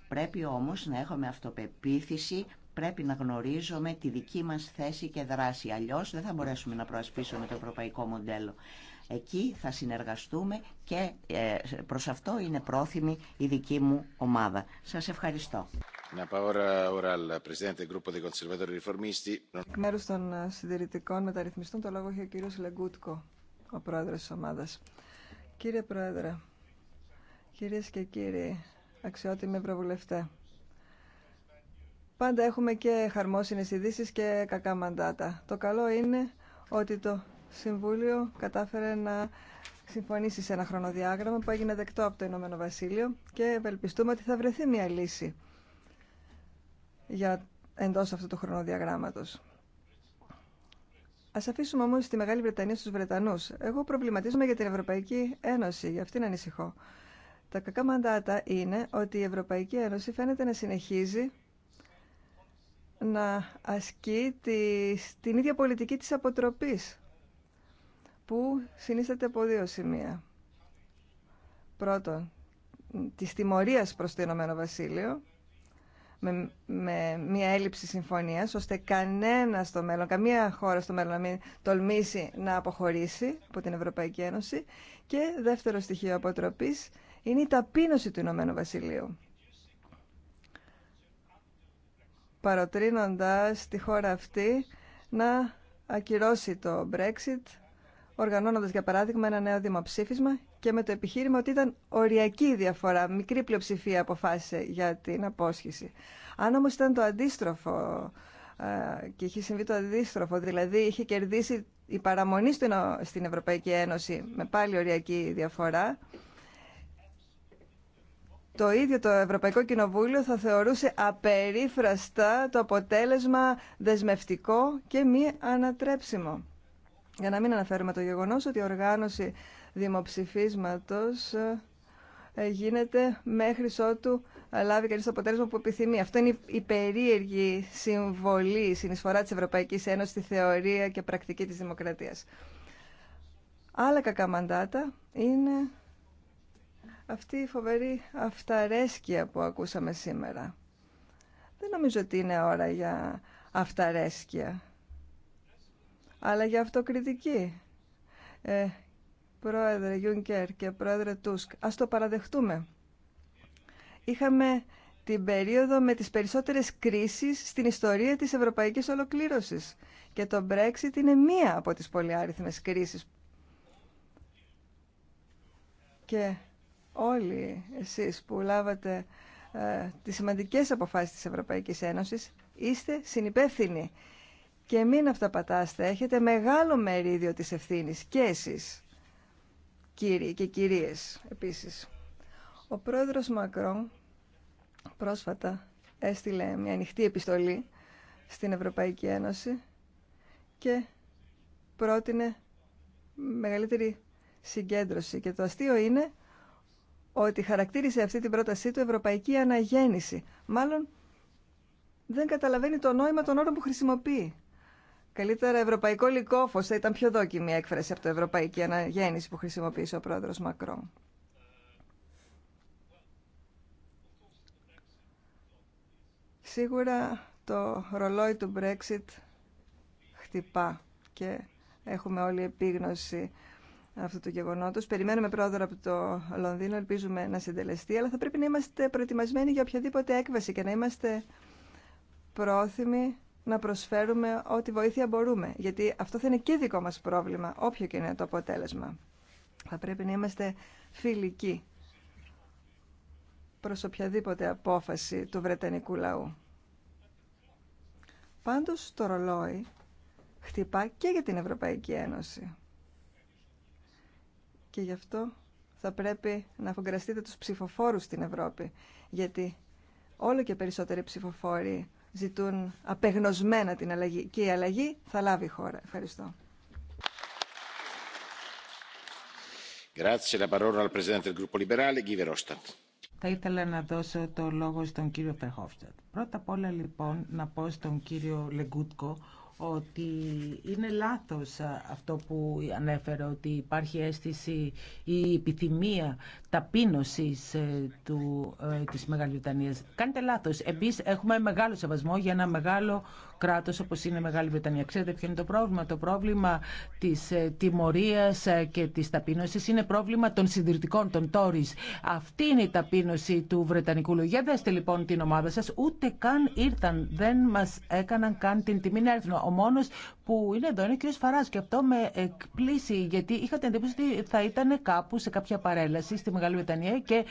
Πρέπει όμως να έχουμε αυτοπεποίθηση, πρέπει να γνωρίζουμε τη δική μας θέση και δράση. Αλλιώς δεν θα μπορέσουμε να προασπίσουμε το ευρωπαϊκό μοντέλο. Εκεί θα συνεργαστούμε και ε, προς αυτό είναι πρόθυμη η δική μου ομάδα. Σας ευχαριστώ.
Εκ
μέρους των ε, συντηρητικών μεταρρυθμιστών το λόγο έχει ο κύριος Λεγκούτκο, ο πρόεδρος της ομάδας. Κύριε Πρόεδρε, κυρίες και κύριοι, αξιότιμη Ευρωβουλευτέ. Πάντα έχουμε και χαρμόσυνες ειδήσει και κακά μαντάτα. Το καλό είναι ότι το Συμβούλιο κατάφερε να συμφωνήσει σε ένα χρονοδιάγραμμα που έγινε δεκτό από το Ηνωμένο Βασίλειο και ευελπιστούμε ότι θα βρεθεί μια λύση για εντός αυτού του χρονοδιαγράμματος. Α αφήσουμε όμω τη Μεγάλη Βρετανία στους Βρετανού. Εγώ προβληματίζομαι για την Ευρωπαϊκή Ένωση, γι' αυτήν ανησυχώ. Τα κακά μαντάτα είναι ότι η Ευρωπαϊκή Ένωση φαίνεται να συνεχίζει να ασκεί την ίδια πολιτική της αποτροπής που συνίσταται από δύο σημεία. Πρώτον, της τιμωρίας προς το Ηνωμένο Βασίλειο με, μια έλλειψη συμφωνίας ώστε κανένα στο μέλλον, καμία χώρα στο μέλλον να μην τολμήσει να αποχωρήσει από την Ευρωπαϊκή Ένωση και δεύτερο στοιχείο αποτροπής είναι η ταπείνωση του Ηνωμένου Βασιλείου. Παροτρύνοντας τη χώρα αυτή να ακυρώσει το Brexit, οργανώνοντας για παράδειγμα ένα νέο δημοψήφισμα και με το επιχείρημα ότι ήταν οριακή διαφορά, μικρή πλειοψηφία αποφάσισε για την απόσχηση. Αν όμως ήταν το αντίστροφο και είχε συμβεί το αντίστροφο, δηλαδή είχε κερδίσει η παραμονή στην Ευρωπαϊκή Ένωση με πάλι οριακή διαφορά, το ίδιο το Ευρωπαϊκό Κοινοβούλιο θα θεωρούσε απερίφραστα το αποτέλεσμα δεσμευτικό και μη ανατρέψιμο. Για να μην αναφέρουμε το γεγονός ότι η οργάνωση δημοψηφίσματος ε, γίνεται μέχρι ότου λάβει κανείς το αποτέλεσμα που επιθυμεί. Αυτό είναι η περίεργη συμβολή, η συνεισφορά της Ευρωπαϊκής Ένωσης στη θεωρία και πρακτική της δημοκρατίας. Άλλα κακά μαντάτα είναι αυτή η φοβερή αυταρέσκεια που ακούσαμε σήμερα. Δεν νομίζω ότι είναι ώρα για αυταρέσκεια, αλλά για αυτοκριτική. Ε, πρόεδρε Γιούνκερ και πρόεδρε Τούσκ, ας το παραδεχτούμε. Είχαμε την περίοδο με τις περισσότερες κρίσεις στην ιστορία της ευρωπαϊκής ολοκλήρωσης. Και το Brexit είναι μία από τις πολυάριθμες κρίσεις. Και όλοι εσείς που λάβατε ε, τις σημαντικές αποφάσεις της Ευρωπαϊκής Ένωσης είστε συνυπεύθυνοι και μην αυταπατάστε. Έχετε μεγάλο μερίδιο της ευθύνης και εσείς, κύριοι και κυρίες επίσης. Ο πρόεδρος Μακρόν πρόσφατα έστειλε μια ανοιχτή επιστολή στην Ευρωπαϊκή Ένωση και πρότεινε μεγαλύτερη συγκέντρωση. Και το αστείο είναι ότι χαρακτήρισε αυτή την πρότασή του Ευρωπαϊκή Αναγέννηση. Μάλλον δεν καταλαβαίνει το νόημα των όρων που χρησιμοποιεί. Καλύτερα Ευρωπαϊκό Λυκόφω θα ήταν πιο δόκιμη έκφραση από το Ευρωπαϊκή Αναγέννηση που χρησιμοποίησε ο πρόεδρο Μακρόν. Σίγουρα το ρολόι του Brexit χτυπά και έχουμε όλη επίγνωση αυτού του γεγονότο. Περιμένουμε πρόοδο από το Λονδίνο, ελπίζουμε να συντελεστεί, αλλά θα πρέπει να είμαστε προετοιμασμένοι για οποιαδήποτε έκβαση και να είμαστε πρόθυμοι να προσφέρουμε ό,τι βοήθεια μπορούμε. Γιατί αυτό θα είναι και δικό μας πρόβλημα, όποιο και είναι το αποτέλεσμα. Θα πρέπει να είμαστε φιλικοί προς οποιαδήποτε απόφαση του Βρετανικού λαού. Πάντως το ρολόι χτυπά και για την Ευρωπαϊκή Ένωση και γι' αυτό θα πρέπει να αφογκραστείτε τους ψηφοφόρους στην Ευρώπη, γιατί όλο και περισσότεροι ψηφοφόροι ζητούν απεγνωσμένα την αλλαγή και η αλλαγή θα λάβει η χώρα. Ευχαριστώ.
Θα ήθελα να δώσω το λόγο στον κύριο Φερχόφστατ. Πρώτα απ' όλα λοιπόν να πω στον κύριο Λεγκούτκο ότι είναι λάθος αυτό που ανέφερε, ότι υπάρχει αίσθηση ή επιθυμία ταπείνωσης ε, του, ε, της Μεγάλης Βρετανίας. Κάνετε λάθος. Εμείς έχουμε μεγάλο σεβασμό για ένα μεγάλο Κράτο όπω είναι η Μεγάλη Βρετανία. Ξέρετε ποιο είναι το πρόβλημα. Το πρόβλημα της ε, τιμωρίας ε, και τη ταπείνωσης είναι πρόβλημα των συντηρητικών, των τόρις. Αυτή είναι η ταπείνωση του Βρετανικού λογίου. δέστε λοιπόν την ομάδα σα. ούτε καν ήρθαν, δεν μα έκαναν καν την τιμή να έρθουν. Ο μόνο που είναι εδώ είναι ο κ. Φαρά. και αυτό με εκπλήσει γιατί είχατε εντύπωση ότι θα ήταν κάπου σε κάποια παρέλαση στη Μεγάλη Βρετανία και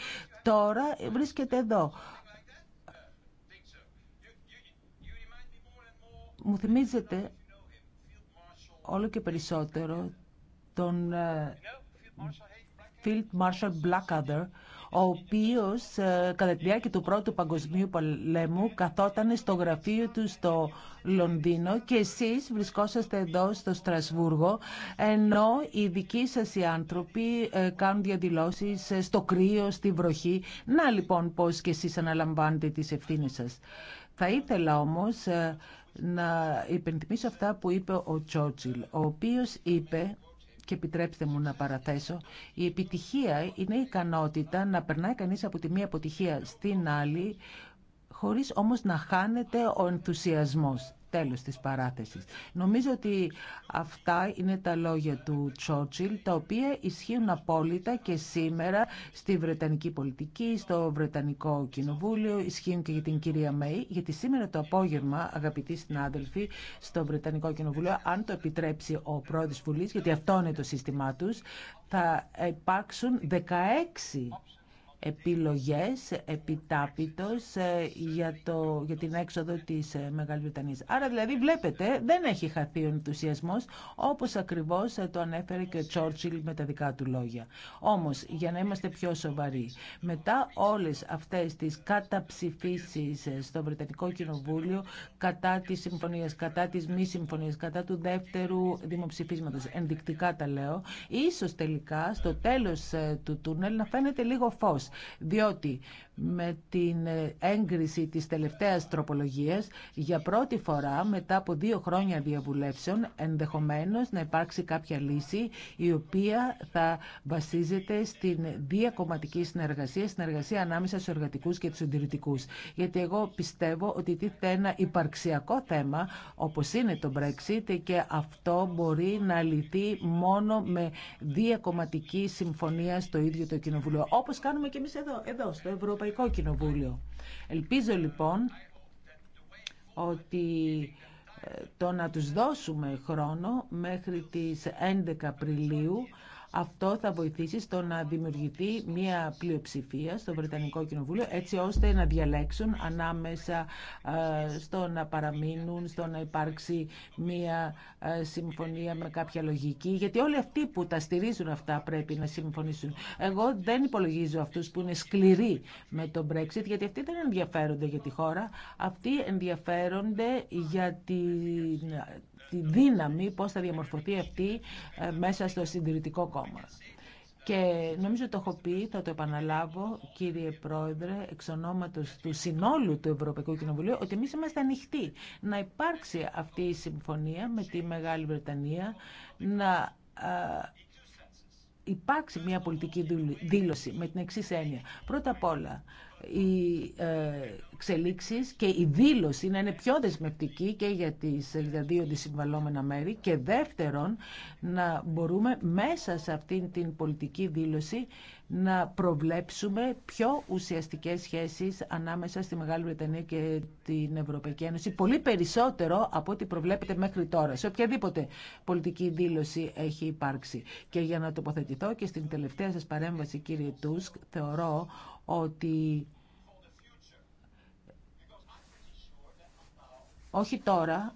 τώρα βρίσκεται εδώ. μου θυμίζεται όλο και περισσότερο τον ε, Field Marshal Blackadder, ο οποίος ε, κατά τη διάρκεια του Πρώτου Παγκοσμίου Πολέμου καθόταν στο γραφείο του στο Λονδίνο και εσείς βρισκόσαστε εδώ στο Στρασβούργο ενώ οι δικοί σας οι άνθρωποι ε, κάνουν διαδηλώσεις στο κρύο, στη βροχή. Να λοιπόν πώς και εσείς αναλαμβάνετε τις ευθύνες σας. Θα ήθελα όμως να υπενθυμίσω αυτά που είπε ο Τσότσιλ, ο οποίος είπε και επιτρέψτε μου να παραθέσω, η επιτυχία είναι η ικανότητα να περνάει κανείς από τη μία αποτυχία στην άλλη, χωρίς όμως να χάνεται ο ενθουσιασμός τέλος της παράθεσης. Νομίζω ότι αυτά είναι τα λόγια του Τσότσιλ, τα οποία ισχύουν απόλυτα και σήμερα στη Βρετανική πολιτική, στο Βρετανικό Κοινοβούλιο, ισχύουν και για την κυρία Μέη, γιατί σήμερα το απόγευμα, αγαπητοί συνάδελφοι, στο Βρετανικό Κοινοβούλιο, αν το επιτρέψει ο πρόεδρος Βουλής, γιατί αυτό είναι το σύστημά τους, θα υπάρξουν 16 επιλογές επιτάπητος ε, για, το, για την έξοδο της ε, Μεγάλη Βρετανίας. Άρα δηλαδή βλέπετε δεν έχει χαθεί ο ενθουσιασμός όπως ακριβώς ε, το ανέφερε και ο Τσόρτσιλ με τα δικά του λόγια. Όμως για να είμαστε πιο σοβαροί μετά όλες αυτές τις καταψηφίσεις στο Βρετανικό Κοινοβούλιο κατά της συμφωνίας, κατά της μη συμφωνίας, κατά του δεύτερου δημοψηφίσματος, ενδεικτικά τα λέω, ίσως τελικά στο τέλος του τούνελ να φαίνεται λίγο φως διότι με την έγκριση της τελευταίας τροπολογίας για πρώτη φορά μετά από δύο χρόνια διαβουλεύσεων ενδεχομένως να υπάρξει κάποια λύση η οποία θα βασίζεται στην διακομματική συνεργασία, συνεργασία ανάμεσα στους εργατικούς και τους συντηρητικούς. Γιατί εγώ πιστεύω ότι τίθεται ένα υπαρξιακό θέμα όπως είναι το Brexit και αυτό μπορεί να λυθεί μόνο με διακομματική συμφωνία στο ίδιο το Κοινοβουλίο. Όπως κάνουμε και εμείς εδώ, εδώ στο Ευρωπαϊκό Ευρωπαϊκό Κοινοβούλιο. Ελπίζω λοιπόν ότι ε, το να τους δώσουμε χρόνο μέχρι τις 11 Απριλίου αυτό θα βοηθήσει στο να δημιουργηθεί μια πλειοψηφία στο Βρετανικό Κοινοβούλιο έτσι ώστε να διαλέξουν ανάμεσα ε, στο να παραμείνουν, στο να υπάρξει μια ε, συμφωνία με κάποια λογική. Γιατί όλοι αυτοί που τα στηρίζουν αυτά πρέπει να συμφωνήσουν. Εγώ δεν υπολογίζω αυτούς που είναι σκληροί με το Brexit γιατί αυτοί δεν ενδιαφέρονται για τη χώρα. Αυτοί ενδιαφέρονται για την τη δύναμη πώς θα διαμορφωθεί αυτή ε, μέσα στο συντηρητικό κόμμα. Και νομίζω το έχω πει, θα το επαναλάβω, κύριε Πρόεδρε, εξ ονόματος του συνόλου του Ευρωπαϊκού Κοινοβουλίου, ότι εμεί είμαστε ανοιχτοί να υπάρξει αυτή η συμφωνία με τη Μεγάλη Βρετανία, να ε, υπάρξει μια πολιτική δήλωση με την εξή έννοια. Πρώτα απ' όλα, οι ε, εξελίξεις και η δήλωση να είναι πιο δεσμευτική και για τι ε, δύο αντισυμβαλόμενα μέρη και δεύτερον να μπορούμε μέσα σε αυτήν την πολιτική δήλωση να προβλέψουμε πιο ουσιαστικέ σχέσει ανάμεσα στη Μεγάλη Βρετανία και την Ευρωπαϊκή Ένωση πολύ περισσότερο από ό,τι προβλέπεται μέχρι τώρα σε οποιαδήποτε πολιτική δήλωση έχει υπάρξει. Και για να τοποθετηθώ και στην τελευταία σα παρέμβαση κύριε Τούσκ θεωρώ ότι Όχι τώρα,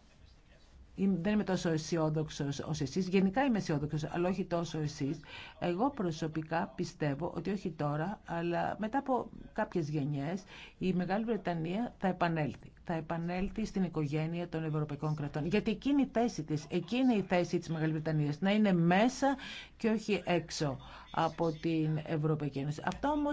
δεν είμαι τόσο αισιόδοξο ω εσεί. Γενικά είμαι αισιόδοξο, αλλά όχι τόσο εσεί. Εγώ προσωπικά πιστεύω ότι όχι τώρα, αλλά μετά από κάποιε γενιέ η Μεγάλη Βρετανία θα επανέλθει. Θα επανέλθει στην οικογένεια των Ευρωπαϊκών κρατών. Γιατί εκείνη η θέση τη, εκείνη η θέση τη Μεγάλη Βρετανία, να είναι μέσα και όχι έξω από την Ευρωπαϊκή Ένωση. Αυτό όμω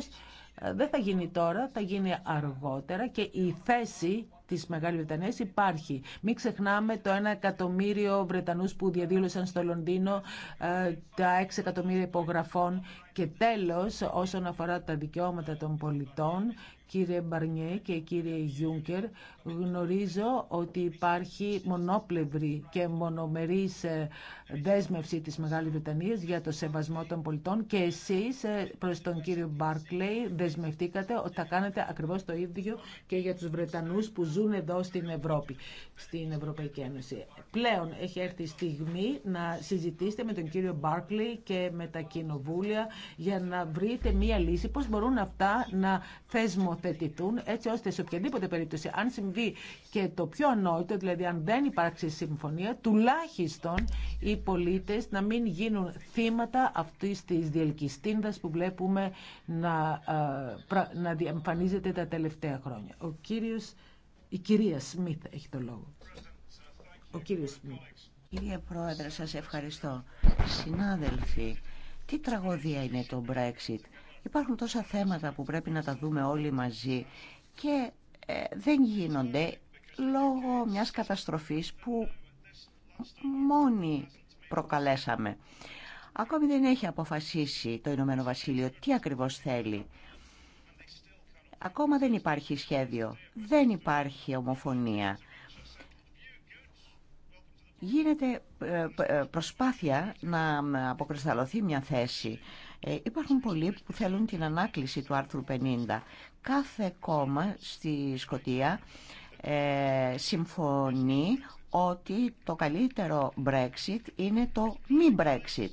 ε, δεν θα γίνει τώρα, θα γίνει αργότερα και η θέση της Μεγάλης Βρετανίας υπάρχει. Μην ξεχνάμε το 1 εκατομμύριο Βρετανούς που διαδήλωσαν στο Λονδίνο, ε, τα 6 εκατομμύρια υπογραφών και τέλος όσον αφορά τα δικαιώματα των πολιτών Κύριε Μπαρνιέ και κύριε Γιούγκερ, γνωρίζω ότι υπάρχει μονόπλευρη και μονομερής ε, δέσμευση της Μεγάλης Βρετανίας για το σεβασμό των πολιτών και εσείς ε, προς τον κύριο Μπάρκλεϊ δεσμευτήκατε ότι θα κάνετε ακριβώς το ίδιο και για τους Βρετανούς που ζουν εδώ στην Ευρώπη, στην Ευρωπαϊκή Ένωση. Πλέον έχει έρθει η στιγμή να συζητήσετε με τον κύριο Μπάρκλεϊ και με τα κοινοβούλια για να βρείτε μία λύση πώς μπορούν αυτά να θεσμοθούν νομοθετηθούν έτσι ώστε σε οποιαδήποτε περίπτωση, αν συμβεί και το πιο ανόητο, δηλαδή αν δεν υπάρξει συμφωνία, τουλάχιστον οι πολίτες να μην γίνουν θύματα αυτή της διελκυστίνδα που βλέπουμε να, ε, να διαμφανίζεται τα τελευταία χρόνια. Ο κύριος, η κυρία Σμιθ έχει το λόγο. Ο κύριος Σμιθ. Κύριε Πρόεδρε, σας ευχαριστώ.
Συνάδελφοι, τι τραγωδία είναι το Brexit. Υπάρχουν τόσα θέματα που πρέπει να τα δούμε όλοι μαζί και ε, δεν γίνονται λόγω μιας καταστροφής που μόνοι προκαλέσαμε. Ακόμη δεν έχει αποφασίσει το Ηνωμένο Βασίλειο τι ακριβώς θέλει. Ακόμα δεν υπάρχει σχέδιο, δεν υπάρχει ομοφωνία. Γίνεται ε, ε, προσπάθεια να αποκρισταλωθεί μια θέση. Ε, υπάρχουν πολλοί που θέλουν την ανάκληση του άρθρου 50. Κάθε κόμμα στη Σκοτία ε, συμφωνεί ότι το καλύτερο Brexit είναι το μη Brexit.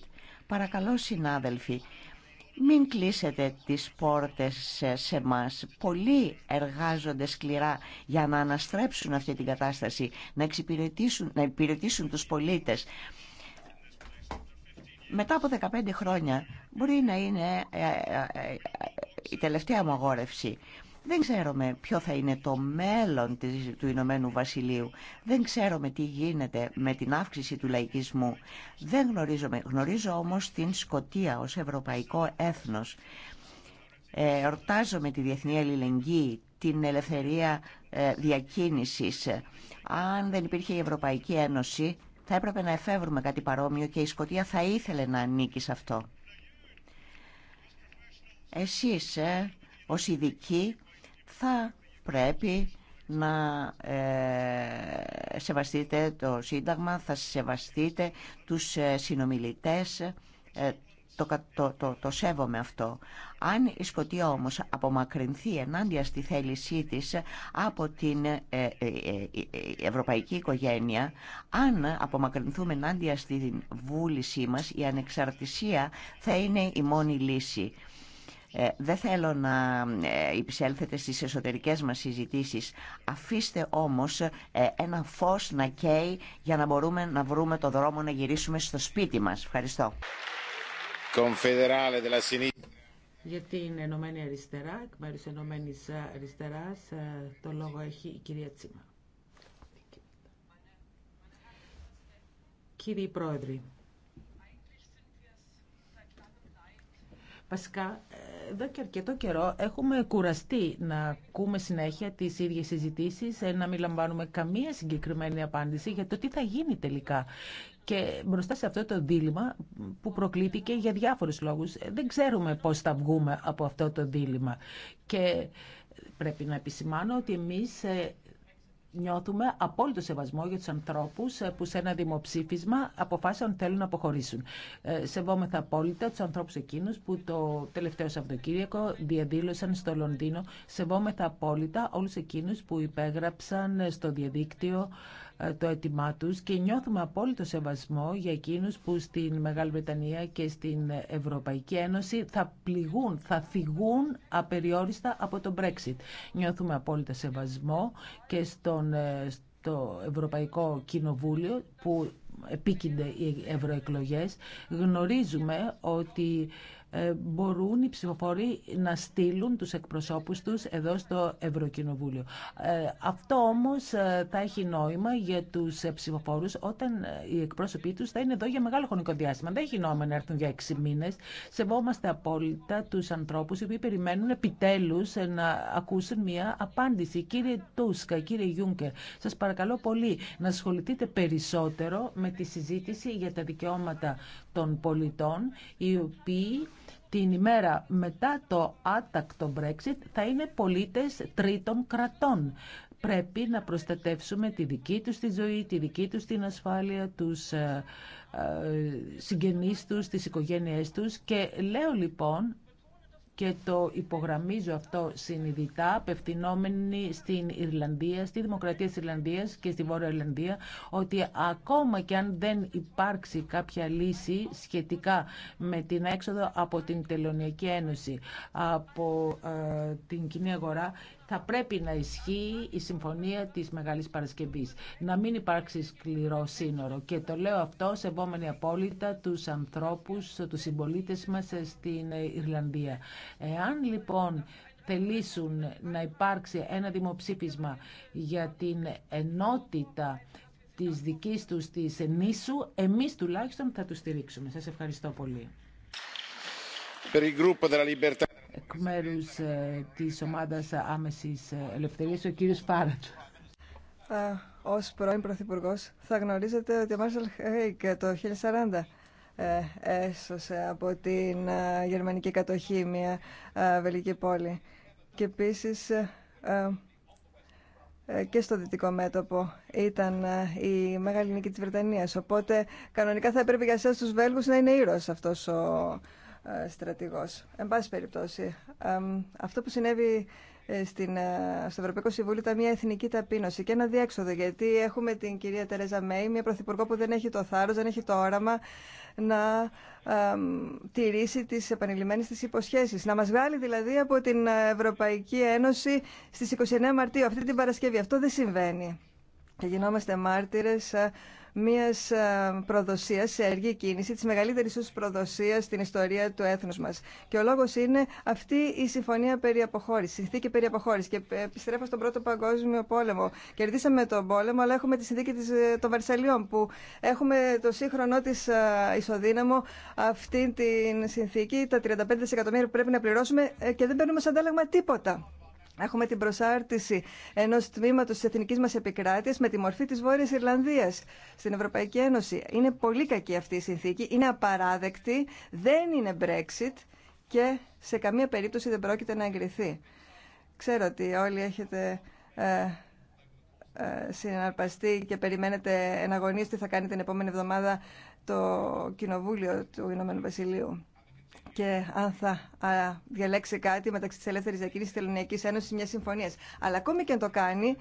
Παρακαλώ συνάδελφοι, μην κλείσετε τις πόρτες σε μας. Πολλοί εργάζονται σκληρά για να αναστρέψουν αυτή την κατάσταση, να, να υπηρετήσουν τους πολίτες μετά από 15 χρόνια μπορεί να είναι ε, ε, ε, η τελευταία μου αγόρευση. Δεν ξέρουμε ποιο θα είναι το μέλλον του Ηνωμένου Βασιλείου. Δεν ξέρουμε τι γίνεται με την αύξηση του λαϊκισμού. Δεν γνωρίζομαι. Γνωρίζω όμως την Σκοτία ως ευρωπαϊκό έθνος. Ορτάζομαι τη διεθνή αλληλεγγύη, την ελευθερία διακίνησης. Αν δεν υπήρχε η Ευρωπαϊκή Ένωση θα έπρεπε να εφεύρουμε κάτι παρόμοιο και η Σκωτία θα ήθελε να ανήκει σε αυτό. Εσείς ε, ως ειδικοί θα πρέπει να ε, σεβαστείτε το Σύνταγμα, θα σεβαστείτε τους ε, συνομιλητές, ε, το, το, το, σέβομαι αυτό. Αν η σκοτία όμως απομακρυνθεί ενάντια στη θέλησή της από την ε, ε, ε, ευρωπαϊκή οικογένεια, αν απομακρυνθούμε ενάντια στη βούλησή μας, η ανεξαρτησία θα είναι η μόνη λύση. Ε, δεν θέλω να υψέλθετε στις εσωτερικές μας συζητήσεις. Αφήστε όμως ένα φως να καίει για να μπορούμε να βρούμε το δρόμο να γυρίσουμε στο σπίτι μας. Ευχαριστώ.
Για την Ενωμένη Αριστερά, εκ μέρου Ενωμένη Αριστερά, ε, το λόγο έχει η κυρία Τσίμα. Κύριοι Πρόεδροι, Βασικά, ε, εδώ και αρκετό καιρό έχουμε κουραστεί να ακούμε συνέχεια τι ίδιε συζητήσει, ε, να μην λαμβάνουμε καμία συγκεκριμένη απάντηση για το τι θα γίνει τελικά. Και μπροστά σε αυτό το δίλημα που προκλήθηκε για διάφορους λόγους, ε, δεν ξέρουμε πώς θα βγούμε από αυτό το δίλημα. Και πρέπει να επισημάνω ότι εμείς ε, νιώθουμε απόλυτο σεβασμό για τους ανθρώπους ε, που σε ένα δημοψήφισμα αποφάσισαν θέλουν να αποχωρήσουν. Σεβόμεθα απόλυτα τους ανθρώπους εκείνους που το τελευταίο Σαββατοκύριακο διαδήλωσαν στο Λονδίνο. Σεβόμεθα απόλυτα όλους εκείνους που υπέγραψαν στο διαδίκτυο ε, το αίτημά τους και νιώθουμε απόλυτο σεβασμό για εκείνους που στην Μεγάλη Βρετανία και στην Ευρωπαϊκή Ένωση θα πληγούν, θα φυγούν απεριόριστα από το Brexit. Νιώθουμε απόλυτο σεβασμό και στον, ε, στο Ευρωπαϊκό Κοινοβούλιο που επίκυνται οι ευρωεκλογές. Γνωρίζουμε ότι ε, μπορούν οι ψηφοφόροι να στείλουν τους εκπροσώπους τους εδώ στο Ευρωκοινοβούλιο. Ε, αυτό όμως ε, θα έχει νόημα για τους ψηφοφόρους όταν οι εκπρόσωποι τους θα είναι εδώ για μεγάλο χρονικό διάστημα. Δεν έχει νόημα να έρθουν για έξι μήνες. Σεβόμαστε απόλυτα τους ανθρώπους οι οποίοι περιμένουν επιτέλους να ακούσουν μια απάντηση. Κύριε Τούσκα, κύριε Γιούγκερ, σας παρακαλώ πολύ να ασχοληθείτε περισσότερο με τη συζήτηση για τα δικαιώματα των πολιτών, οι οποίοι την ημέρα μετά το άτακτο Brexit θα είναι πολίτες τρίτων κρατών. Πρέπει να προστατεύσουμε τη δική τους τη ζωή, τη δική τους την ασφάλεια, τους ε, ε, συγγενείς τους, τις οικογένειές τους και λέω λοιπόν και το υπογραμμίζω αυτό συνειδητά, απευθυνόμενοι στην Ιρλανδία, στη Δημοκρατία της Ιρλανδίας και στη Βόρεια Ιρλανδία, ότι ακόμα και αν δεν υπάρξει κάποια λύση σχετικά με την έξοδο από την Τελωνιακή Ένωση, από ε, την κοινή αγορά, θα πρέπει να ισχύει η συμφωνία της Μεγάλης Παρασκευής. Να μην υπάρξει σκληρό σύνορο. Και το λέω αυτό σεβόμενοι απόλυτα τους ανθρώπους, τους συμπολίτες μας στην Ιρλανδία. Εάν λοιπόν θελήσουν να υπάρξει ένα δημοψήφισμα για την ενότητα της δικής τους της νήσου, εμείς τουλάχιστον θα τους στηρίξουμε. Σας ευχαριστώ πολύ. Εκ μέρου ε, της ομάδα άμεσης ε, ελευθερίας, ο κύριος Φάρατ. Ω
πρώην Πρωθυπουργό, θα γνωρίζετε ότι ο Μάρσελ Χέικ το 1040 ε, έσωσε από την ε, γερμανική κατοχή μια ε, βελγική πόλη. Και επίσης και στο δυτικό μέτωπο ήταν η Μεγάλη Νίκη της Βρετανίας. Οπότε κανονικά θα έπρεπε για εσάς τους Βέλγους να είναι ήρωας αυτός ο στρατηγός. Εν πάση περιπτώσει, αυτό που συνέβη στην, στο Ευρωπαϊκό Συμβούλιο ήταν μια εθνική ταπείνωση και ένα διέξοδο. Γιατί έχουμε την κυρία Τερέζα Μέη, μια πρωθυπουργό που δεν έχει το θάρρο, δεν έχει το όραμα, να τηρήσει τις επανειλημμένες της υποσχέσεις. Να μας βγάλει δηλαδή από την Ευρωπαϊκή Ένωση στις 29 Μαρτίου, αυτή την Παρασκευή. Αυτό δεν συμβαίνει. Και γινόμαστε μάρτυρες ε, Μία ε, προδοσία σε αργή κίνηση, τη μεγαλύτερη ίσω προδοσία στην ιστορία του έθνου μα. Και ο λόγο είναι αυτή η συμφωνία περί αποχώρησης, συνθήκη περί αποχώρησης. Και ε, επιστρέφω στον Πρώτο Παγκόσμιο Πόλεμο. Κερδίσαμε τον πόλεμο, αλλά έχουμε τη συνθήκη ε, των Βαρσαλιών, που έχουμε το σύγχρονό τη ισοδύναμο αυτή την συνθήκη, τα 35 δισεκατομμύρια που πρέπει να πληρώσουμε και δεν παίρνουμε σαν αντάλλαγμα τίποτα. Έχουμε την προσάρτηση ενό τμήματο τη εθνική μα επικράτεια με τη μορφή τη Βόρεια Ιρλανδία στην Ευρωπαϊκή Ένωση. Είναι πολύ κακή αυτή η συνθήκη, είναι απαράδεκτη, δεν είναι Brexit και σε καμία περίπτωση δεν πρόκειται να εγκριθεί. Ξέρω ότι όλοι έχετε ε, ε συναρπαστεί και περιμένετε εναγωνίες τι θα κάνει την επόμενη εβδομάδα το Κοινοβούλιο του Ηνωμένου Βασιλείου και αν θα διαλέξει κάτι μεταξύ τη Ελεύθερη Διακίνηση και τη Ελληνική Ένωση μια συμφωνία. Αλλά ακόμη και αν το κάνει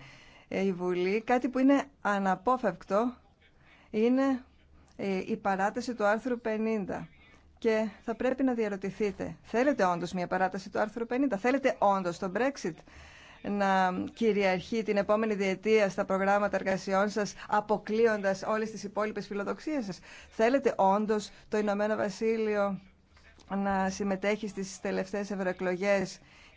ε, η Βουλή, κάτι που είναι αναπόφευκτο είναι ε, η παράταση του άρθρου 50. Και θα πρέπει να διαρωτηθείτε, θέλετε όντως μια παράταση του άρθρου 50, θέλετε όντως το Brexit να κυριαρχεί την επόμενη διετία στα προγράμματα εργασιών σας, αποκλείοντας όλες τις υπόλοιπες φιλοδοξίες σας. Θέλετε όντως το Ηνωμένο Βασίλειο να συμμετέχει στις τελευταίες ευρωεκλογέ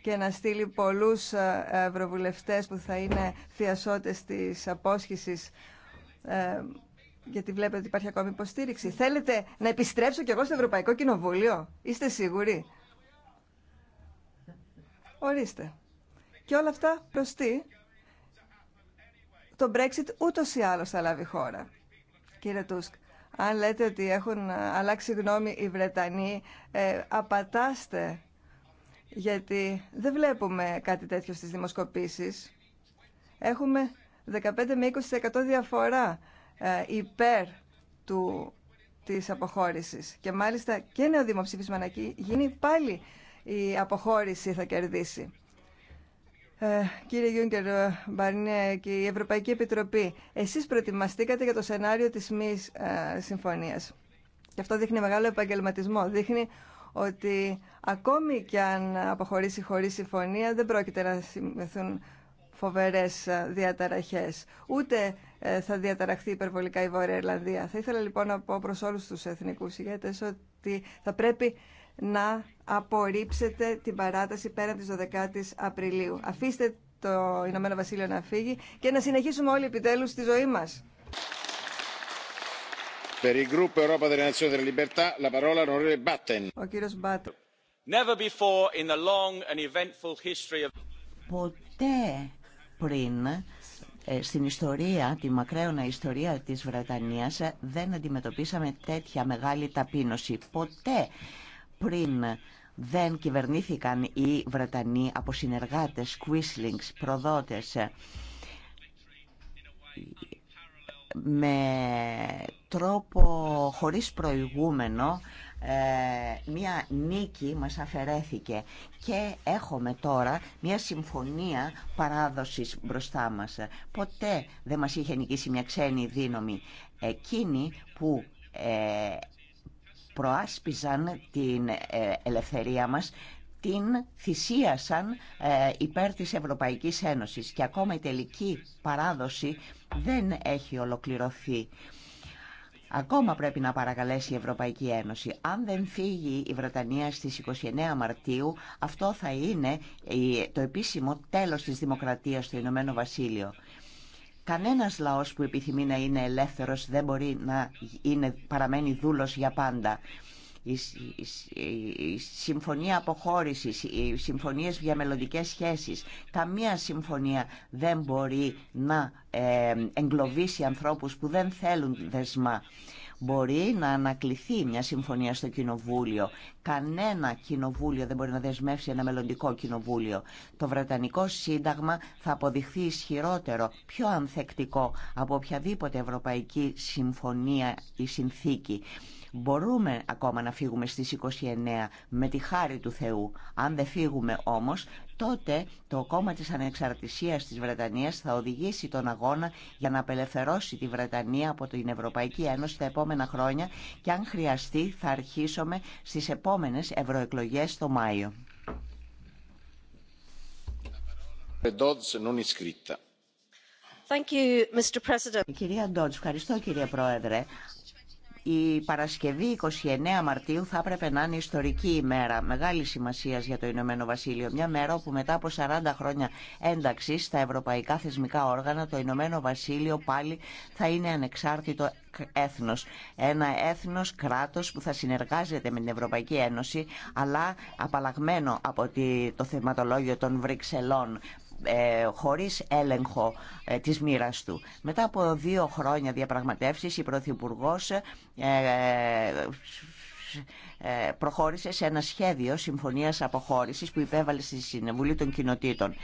και να στείλει πολλούς ε, ευρωβουλευτές που θα είναι θειασότες της απόσχησης ε, γιατί βλέπετε ότι υπάρχει ακόμη υποστήριξη. Θέλετε να επιστρέψω κι εγώ στο Ευρωπαϊκό Κοινοβούλιο. Είστε σίγουροι. Ορίστε. Και όλα αυτά προς τι. Το Brexit ούτως ή άλλως θα λάβει χώρα. Κύριε Τούσκ, αν λέτε ότι έχουν ε, αλλάξει γνώμη οι Βρετανοί, ε, απατάστε. Γιατί δεν βλέπουμε κάτι τέτοιο στις δημοσκοπήσεις. Έχουμε 15 με 20% διαφορά ε, υπέρ του, της αποχώρησης. Και μάλιστα και νέο δημοψήφισμα να γίνει πάλι η αποχώρηση θα κερδίσει. Ε, κύριε Γιούγκερ ε, Μπαρνέ, και η Ευρωπαϊκή Επιτροπή, εσείς προετοιμαστήκατε για το σενάριο της μη ε, συμφωνίας. Και αυτό δείχνει μεγάλο επαγγελματισμό. Δείχνει ότι ακόμη και αν αποχωρήσει χωρίς συμφωνία δεν πρόκειται να σημειωθούν φοβερές διαταραχές. Ούτε θα διαταραχθεί υπερβολικά η Βόρεια Ιρλανδία. Θα ήθελα λοιπόν να πω προς όλους τους εθνικούς ηγέτες ότι θα πρέπει να απορρίψετε την παράταση πέραν της 12ης Απριλίου. Αφήστε το Ηνωμένο Βασίλειο να φύγει και να συνεχίσουμε όλοι επιτέλους τη ζωή μας. Ο κύριος
Ποτέ πριν ε, στην ιστορία, τη μακραίωνα ιστορία της Βρετανίας ε, δεν αντιμετωπίσαμε τέτοια μεγάλη ταπείνωση. Ποτέ πριν δεν κυβερνήθηκαν οι Βρετανοί από συνεργάτες, κουίσλινγκς, προδότες με τρόπο χωρίς προηγούμενο ε, μια νίκη μας αφαιρέθηκε και έχουμε τώρα μια συμφωνία παράδοσης μπροστά μας. Ποτέ δεν μας είχε νικήσει μια ξένη δύναμη. Εκείνη που ε, προάσπιζαν την ε, ελευθερία μας την θυσίασαν ε, υπέρ της Ευρωπαϊκής Ένωσης και ακόμα η τελική παράδοση δεν έχει ολοκληρωθεί. Ακόμα πρέπει να παρακαλέσει η Ευρωπαϊκή Ένωση. Αν δεν φύγει η Βρετανία στις 29 Μαρτίου, αυτό θα είναι το επίσημο τέλος της δημοκρατίας στο Ηνωμένο Βασίλειο. Κανένας λαός που επιθυμεί να είναι ελεύθερος δεν μπορεί να είναι, παραμένει δούλος για πάντα. Η συμφωνία αποχώρησης, οι συμφωνίες για μελλοντικέ σχέσεις, καμία συμφωνία δεν μπορεί να ε, εγκλωβίσει ανθρώπους που δεν θέλουν δεσμά. Μπορεί να ανακληθεί μια συμφωνία στο κοινοβούλιο. Κανένα κοινοβούλιο δεν μπορεί να δεσμεύσει ένα μελλοντικό κοινοβούλιο. Το Βρετανικό Σύνταγμα θα αποδειχθεί ισχυρότερο, πιο ανθεκτικό από οποιαδήποτε ευρωπαϊκή συμφωνία ή συνθήκη. Μπορούμε ακόμα να φύγουμε στις 29 με τη χάρη του Θεού. Αν δεν φύγουμε όμως τότε το κόμμα της ανεξαρτησίας της Βρετανίας θα οδηγήσει τον αγώνα για να απελευθερώσει τη Βρετανία από την Ευρωπαϊκή Ένωση τα επόμενα χρόνια και αν χρειαστεί θα αρχίσουμε στις επόμενες ευρωεκλογές το Μάιο. Κυρία ευχαριστώ κύριε Πρόεδρε. Η Παρασκευή 29 Μαρτίου θα έπρεπε να είναι ιστορική ημέρα, μεγάλη σημασία για το Ηνωμένο Βασίλειο. Μια μέρα όπου μετά από 40 χρόνια ένταξη στα ευρωπαϊκά θεσμικά όργανα, το Ηνωμένο Βασίλειο πάλι θα είναι ανεξάρτητο έθνος. Ένα έθνος κράτος που θα συνεργάζεται με την Ευρωπαϊκή Ένωση, αλλά απαλλαγμένο από το θεματολόγιο των Βρυξελών. Ε, χωρίς έλεγχο ε, της μοίρας του. Μετά από δύο χρόνια διαπραγματεύσεις η Πρωθυπουργό ε, προχώρησε σε ένα σχέδιο συμφωνίας αποχώρησης που υπέβαλε στη Συνεβουλή των Κοινοτήτων.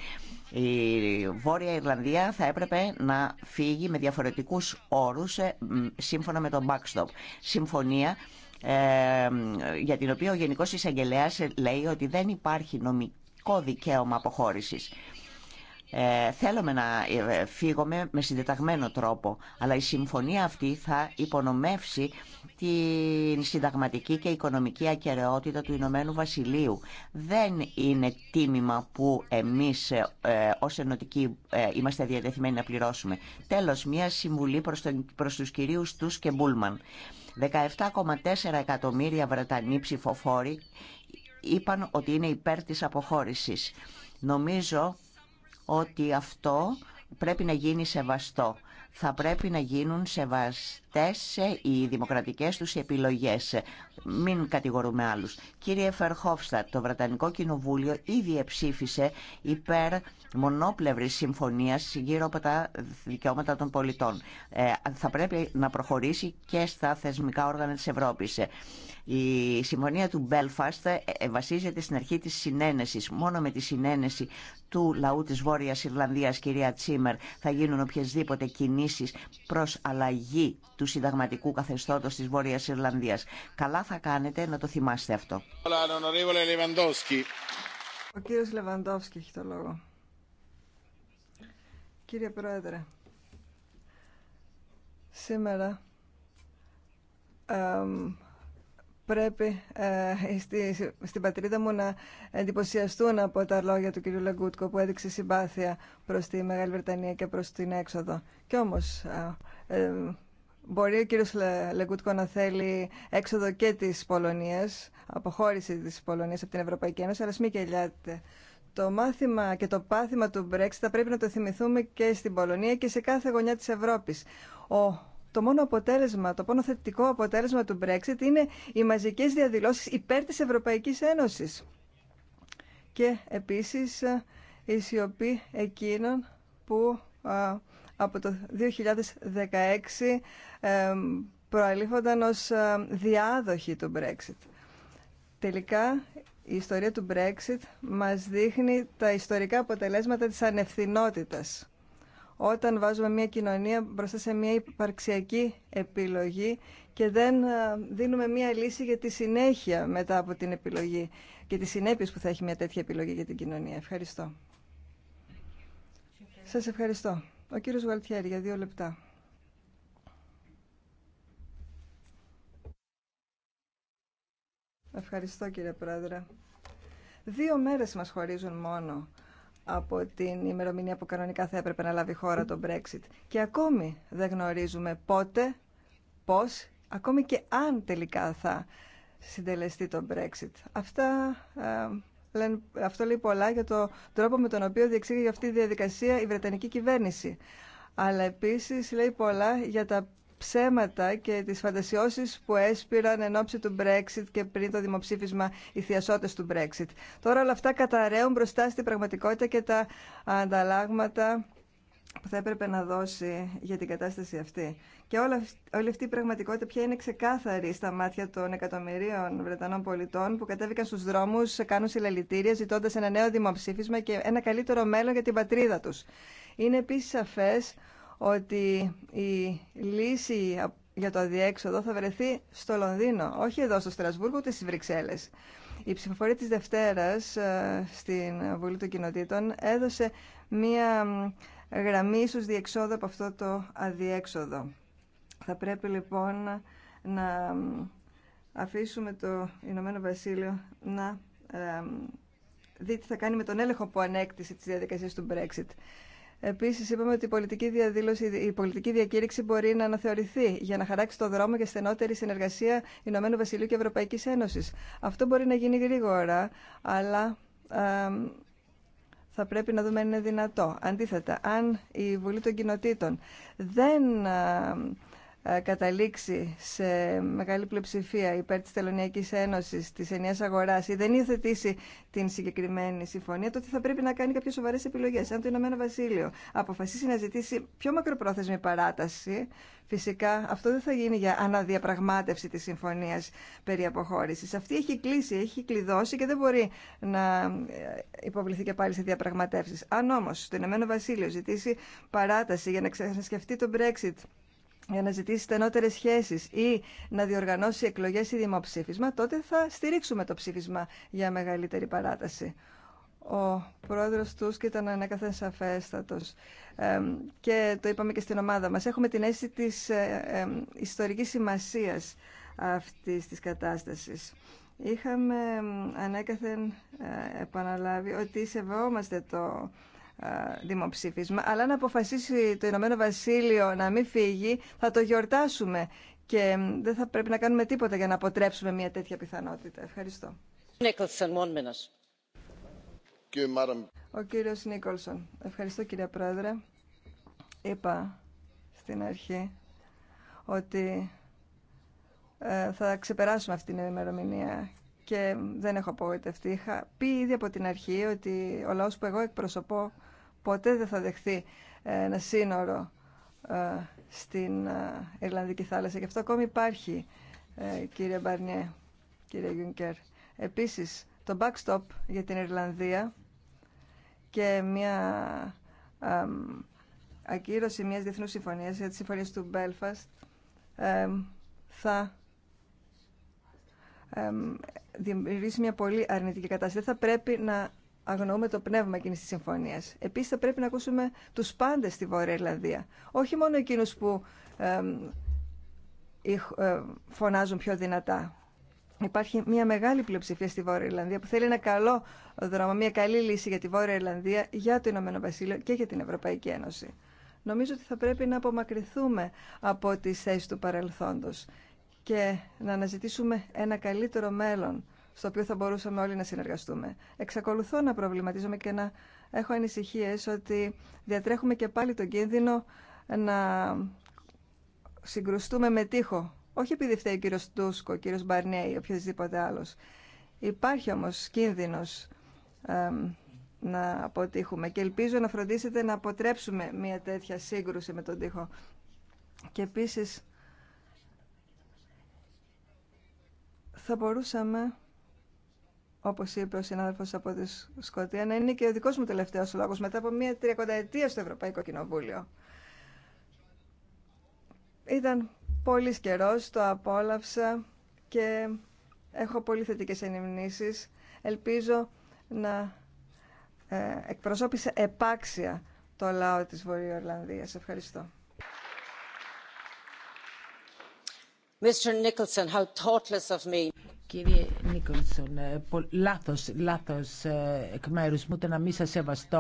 Η Βόρεια Ιρλανδία θα έπρεπε να φύγει με διαφορετικούς όρους σύμφωνα με τον backstop. Συμφωνία για την οποία ο Γενικός Εισαγγελέας λέει ότι δεν υπάρχει νομικό δικαίωμα αποχώρησης. Ε, θέλουμε να ε, φύγουμε με συντεταγμένο τρόπο, αλλά η συμφωνία αυτή θα υπονομεύσει την συνταγματική και οικονομική ακεραιότητα του Ηνωμένου Βασιλείου. Δεν είναι τίμημα που εμείς ε, ε ως ενωτικοί ε, είμαστε διατεθειμένοι να πληρώσουμε. Τέλος, μια συμβουλή προς, τον, προς τους κυρίους τους και Μπούλμαν. 17,4 εκατομμύρια Βρετανοί ψηφοφόροι είπαν ότι είναι υπέρ της αποχώρησης. Νομίζω ότι αυτό πρέπει να γίνει σεβαστό. Θα πρέπει να γίνουν σεβαστές οι δημοκρατικές τους επιλογές. Μην κατηγορούμε άλλους. Κύριε Φερχόφστα, το Βρετανικό Κοινοβούλιο ήδη εψήφισε υπέρ μονόπλευρης συμφωνίας γύρω από τα δικαιώματα των πολιτών. Ε, θα πρέπει να προχωρήσει και στα θεσμικά όργανα της Ευρώπης. Η συμφωνία του Μπέλφαστ ε, ε, βασίζεται στην αρχή της συνένεσης. Μόνο με τη συνένεση του λαού της Βόρειας Ιρλανδίας, κυρία Τσίμερ, θα γίνουν οποιασδήποτε κινήσεις προς αλλαγή του συνταγματικού καθεστώτος της Βόρειας Ιρλανδίας. Καλά θα κάνετε να
το θυμάστε αυτό. Ο κύριος Λεβαντόφσκι έχει το λόγο. Κύριε Πρόεδρε, σήμερα πρέπει ε, στη, στην πατρίδα μου να εντυπωσιαστούν από τα λόγια του κ. Λαγκούτκο που έδειξε συμπάθεια προς τη Μεγάλη Βρετανία και προς την έξοδο. Κι όμως ε, ε μπορεί ο κ. Λαγκούτκο να θέλει έξοδο και της Πολωνίας, αποχώρηση της Πολωνίας από την Ευρωπαϊκή Ένωση, αλλά μη κελιάτε. Το μάθημα και το πάθημα του Brexit θα πρέπει να το θυμηθούμε και στην Πολωνία και σε κάθε γωνιά της Ευρώπης. Ο το μόνο αποτέλεσμα, το μόνο θετικό αποτέλεσμα του Brexit είναι οι μαζικές διαδηλώσεις υπέρ της Ευρωπαϊκής Ένωσης. Και επίσης ε, η σιωπή εκείνων που ε, από το 2016 ε, προαλήφονταν ως διάδοχοι του Brexit. Τελικά η ιστορία του Brexit μας δείχνει τα ιστορικά αποτελέσματα της ανευθυνότητας όταν βάζουμε μια κοινωνία μπροστά σε μια υπαρξιακή επιλογή και δεν ε, δίνουμε μια λύση για τη συνέχεια μετά από την επιλογή και τις συνέπειες που θα έχει μια τέτοια επιλογή για την κοινωνία. Ευχαριστώ. Σας ευχαριστώ. Ο κύριος Γουαλτιέρη για δύο λεπτά. Ευχαριστώ κύριε Πρόεδρε. Δύο μέρες μας χωρίζουν μόνο από την ημερομηνία που κανονικά θα έπρεπε να λάβει η χώρα το Brexit. Και ακόμη δεν γνωρίζουμε πότε, πώς, ακόμη και αν τελικά θα συντελεστεί το Brexit. Αυτά, ε, αυτό λέει πολλά για τον τρόπο με τον οποίο διεξήγει αυτή η διαδικασία η Βρετανική κυβέρνηση. Αλλά επίσης λέει πολλά για τα ψέματα και τις φαντασιώσεις που έσπηραν εν ώψη του Brexit και πριν το δημοψήφισμα οι θειασότες του Brexit. Τώρα όλα αυτά καταραίουν μπροστά στην πραγματικότητα και τα ανταλλάγματα που θα έπρεπε να δώσει για την κατάσταση αυτή. Και όλη αυτή η πραγματικότητα πια είναι ξεκάθαρη στα μάτια των εκατομμυρίων Βρετανών πολιτών που κατέβηκαν στους δρόμους, κάνουν συλλαλητήρια ζητώντας ένα νέο δημοψήφισμα και ένα καλύτερο μέλλον για την πατρίδα τους. Είναι επίσης σαφές ότι η λύση για το αδιέξοδο θα βρεθεί στο Λονδίνο, όχι εδώ στο Στρασβούργο ούτε στις Βρυξέλλες. Η ψηφοφορία της Δευτέρας ε, στην Βουλή των Κοινοτήτων έδωσε μία γραμμή ίσως διεξόδου από αυτό το αδιέξοδο. Θα πρέπει λοιπόν να αφήσουμε το Ηνωμένο Βασίλειο να ε, δει τι θα κάνει με τον έλεγχο που ανέκτησε τις διαδικασίες του Brexit. Επίσης είπαμε ότι η πολιτική διαδήλωση, η πολιτική διακήρυξη μπορεί να αναθεωρηθεί για να χαράξει το δρόμο για στενότερη συνεργασία Ηνωμένου Βασιλείου και Ευρωπαϊκής Ένωση. Αυτό μπορεί να γίνει γρήγορα, αλλά θα πρέπει να δούμε αν είναι δυνατό. Αντίθετα, αν η Βουλή των Κοινοτήτων δεν ε, καταλήξει σε μεγάλη πλειοψηφία υπέρ της Τελωνιακής Ένωσης, της ενιαίας αγοράς ή δεν υιοθετήσει την συγκεκριμένη συμφωνία, τότε θα πρέπει να κάνει κάποιες σοβαρές επιλογές. Αν το Ηνωμένο Βασίλειο αποφασίσει να ζητήσει πιο μακροπρόθεσμη παράταση, φυσικά αυτό δεν θα γίνει για αναδιαπραγμάτευση της συμφωνίας περί αποχώρησης. Αυτή έχει κλείσει, έχει κλειδώσει και δεν μπορεί να υποβληθεί και πάλι σε διαπραγματεύσεις. Αν όμως το Ηνωμένο Βασίλειο ζητήσει παράταση για να ξανασκεφτεί το Brexit για να ζητήσει στενότερε σχέσει ή να διοργανώσει εκλογέ ή δημοψήφισμα, τότε θα στηρίξουμε το ψήφισμα για μεγαλύτερη παράταση. Ο πρόεδρο τους και ήταν ανέκαθεν σαφέστατο. και το είπαμε και στην ομάδα μας. Έχουμε την αίσθηση τη ε, ε, ιστορικής σημασίας αυτής της κατάστασης. Είχαμε ανέκαθεν ε, επαναλάβει ότι σεβόμαστε το ε, δημοψήφισμα, αλλά να αποφασίσει το Ηνωμένο Βασίλειο να μην φύγει, θα το γιορτάσουμε και δεν θα πρέπει να κάνουμε τίποτα για να αποτρέψουμε μια τέτοια πιθανότητα. Ευχαριστώ. Ο κύριος Νίκολσον. Ευχαριστώ κύριε Πρόεδρε. Είπα στην αρχή ότι ε, θα ξεπεράσουμε αυτή την ημερομηνία και δεν έχω απογοητευτεί. Είχα πει ήδη από την αρχή ότι ο λαός που εγώ εκπροσωπώ ποτέ δεν θα δεχθεί ε, ένα σύνορο ε, στην ε, Ιρλανδική θάλασσα. Γι' αυτό ακόμη υπάρχει, κύριε Μπαρνιέ, κύριε Γιουνκέρ. Επίσης, το backstop για την Ιρλανδία και μια ακύρωση μιας διεθνούς συμφωνίας, για τις συμφωνίες του Belfast, θα δημιουργήσει μια πολύ αρνητική κατάσταση. θα πρέπει να αγνοούμε το πνεύμα εκείνη τη συμφωνία. Επίση θα πρέπει να ακούσουμε του πάντε στη Βόρεια Ιρλανδία. Όχι μόνο εκείνου που ε, ε, φωνάζουν πιο δυνατά. Υπάρχει μια μεγάλη πλειοψηφία στη Βόρεια Ιρλανδία που θέλει ένα καλό δρόμο, μια καλή λύση για τη Βόρεια Ιρλανδία, για το Ηνωμένο Βασίλειο και για την Ευρωπαϊκή Ένωση. Νομίζω ότι θα πρέπει να απομακρυνθούμε από τις θέσεις του παρελθόντος και να αναζητήσουμε ένα καλύτερο μέλλον στο οποίο θα μπορούσαμε όλοι να συνεργαστούμε. Εξακολουθώ να προβληματίζομαι και να έχω ανησυχίες ότι διατρέχουμε και πάλι τον κίνδυνο να συγκρουστούμε με τείχο. Όχι επειδή φταίει ο κύριος Τούσκο, ο κύριος Μπαρνιέ ή οποιοδήποτε άλλος. Υπάρχει όμως κίνδυνος να αποτύχουμε και ελπίζω να φροντίσετε να αποτρέψουμε μια τέτοια σύγκρουση με τον τείχο. Και επίσης θα μπορούσαμε όπω είπε ο συνάδελφο από τη Σκωτία, να είναι και ο δικό μου τελευταίο λόγο μετά από μία τριακονταετία στο Ευρωπαϊκό Κοινοβούλιο. Ήταν πολύ καιρό, το απόλαυσα και έχω πολύ θετικέ ενημνήσει. Ελπίζω να ε, εκπροσώπησε επάξια το λαό της Βορειοορλανδίας. Ευχαριστώ.
Mr. Nicholson, how thoughtless of me. Κύριε
Νίκολσον, ε, λάθος, λάθος ε, εκ μέρους μου το να μην σας σεβαστώ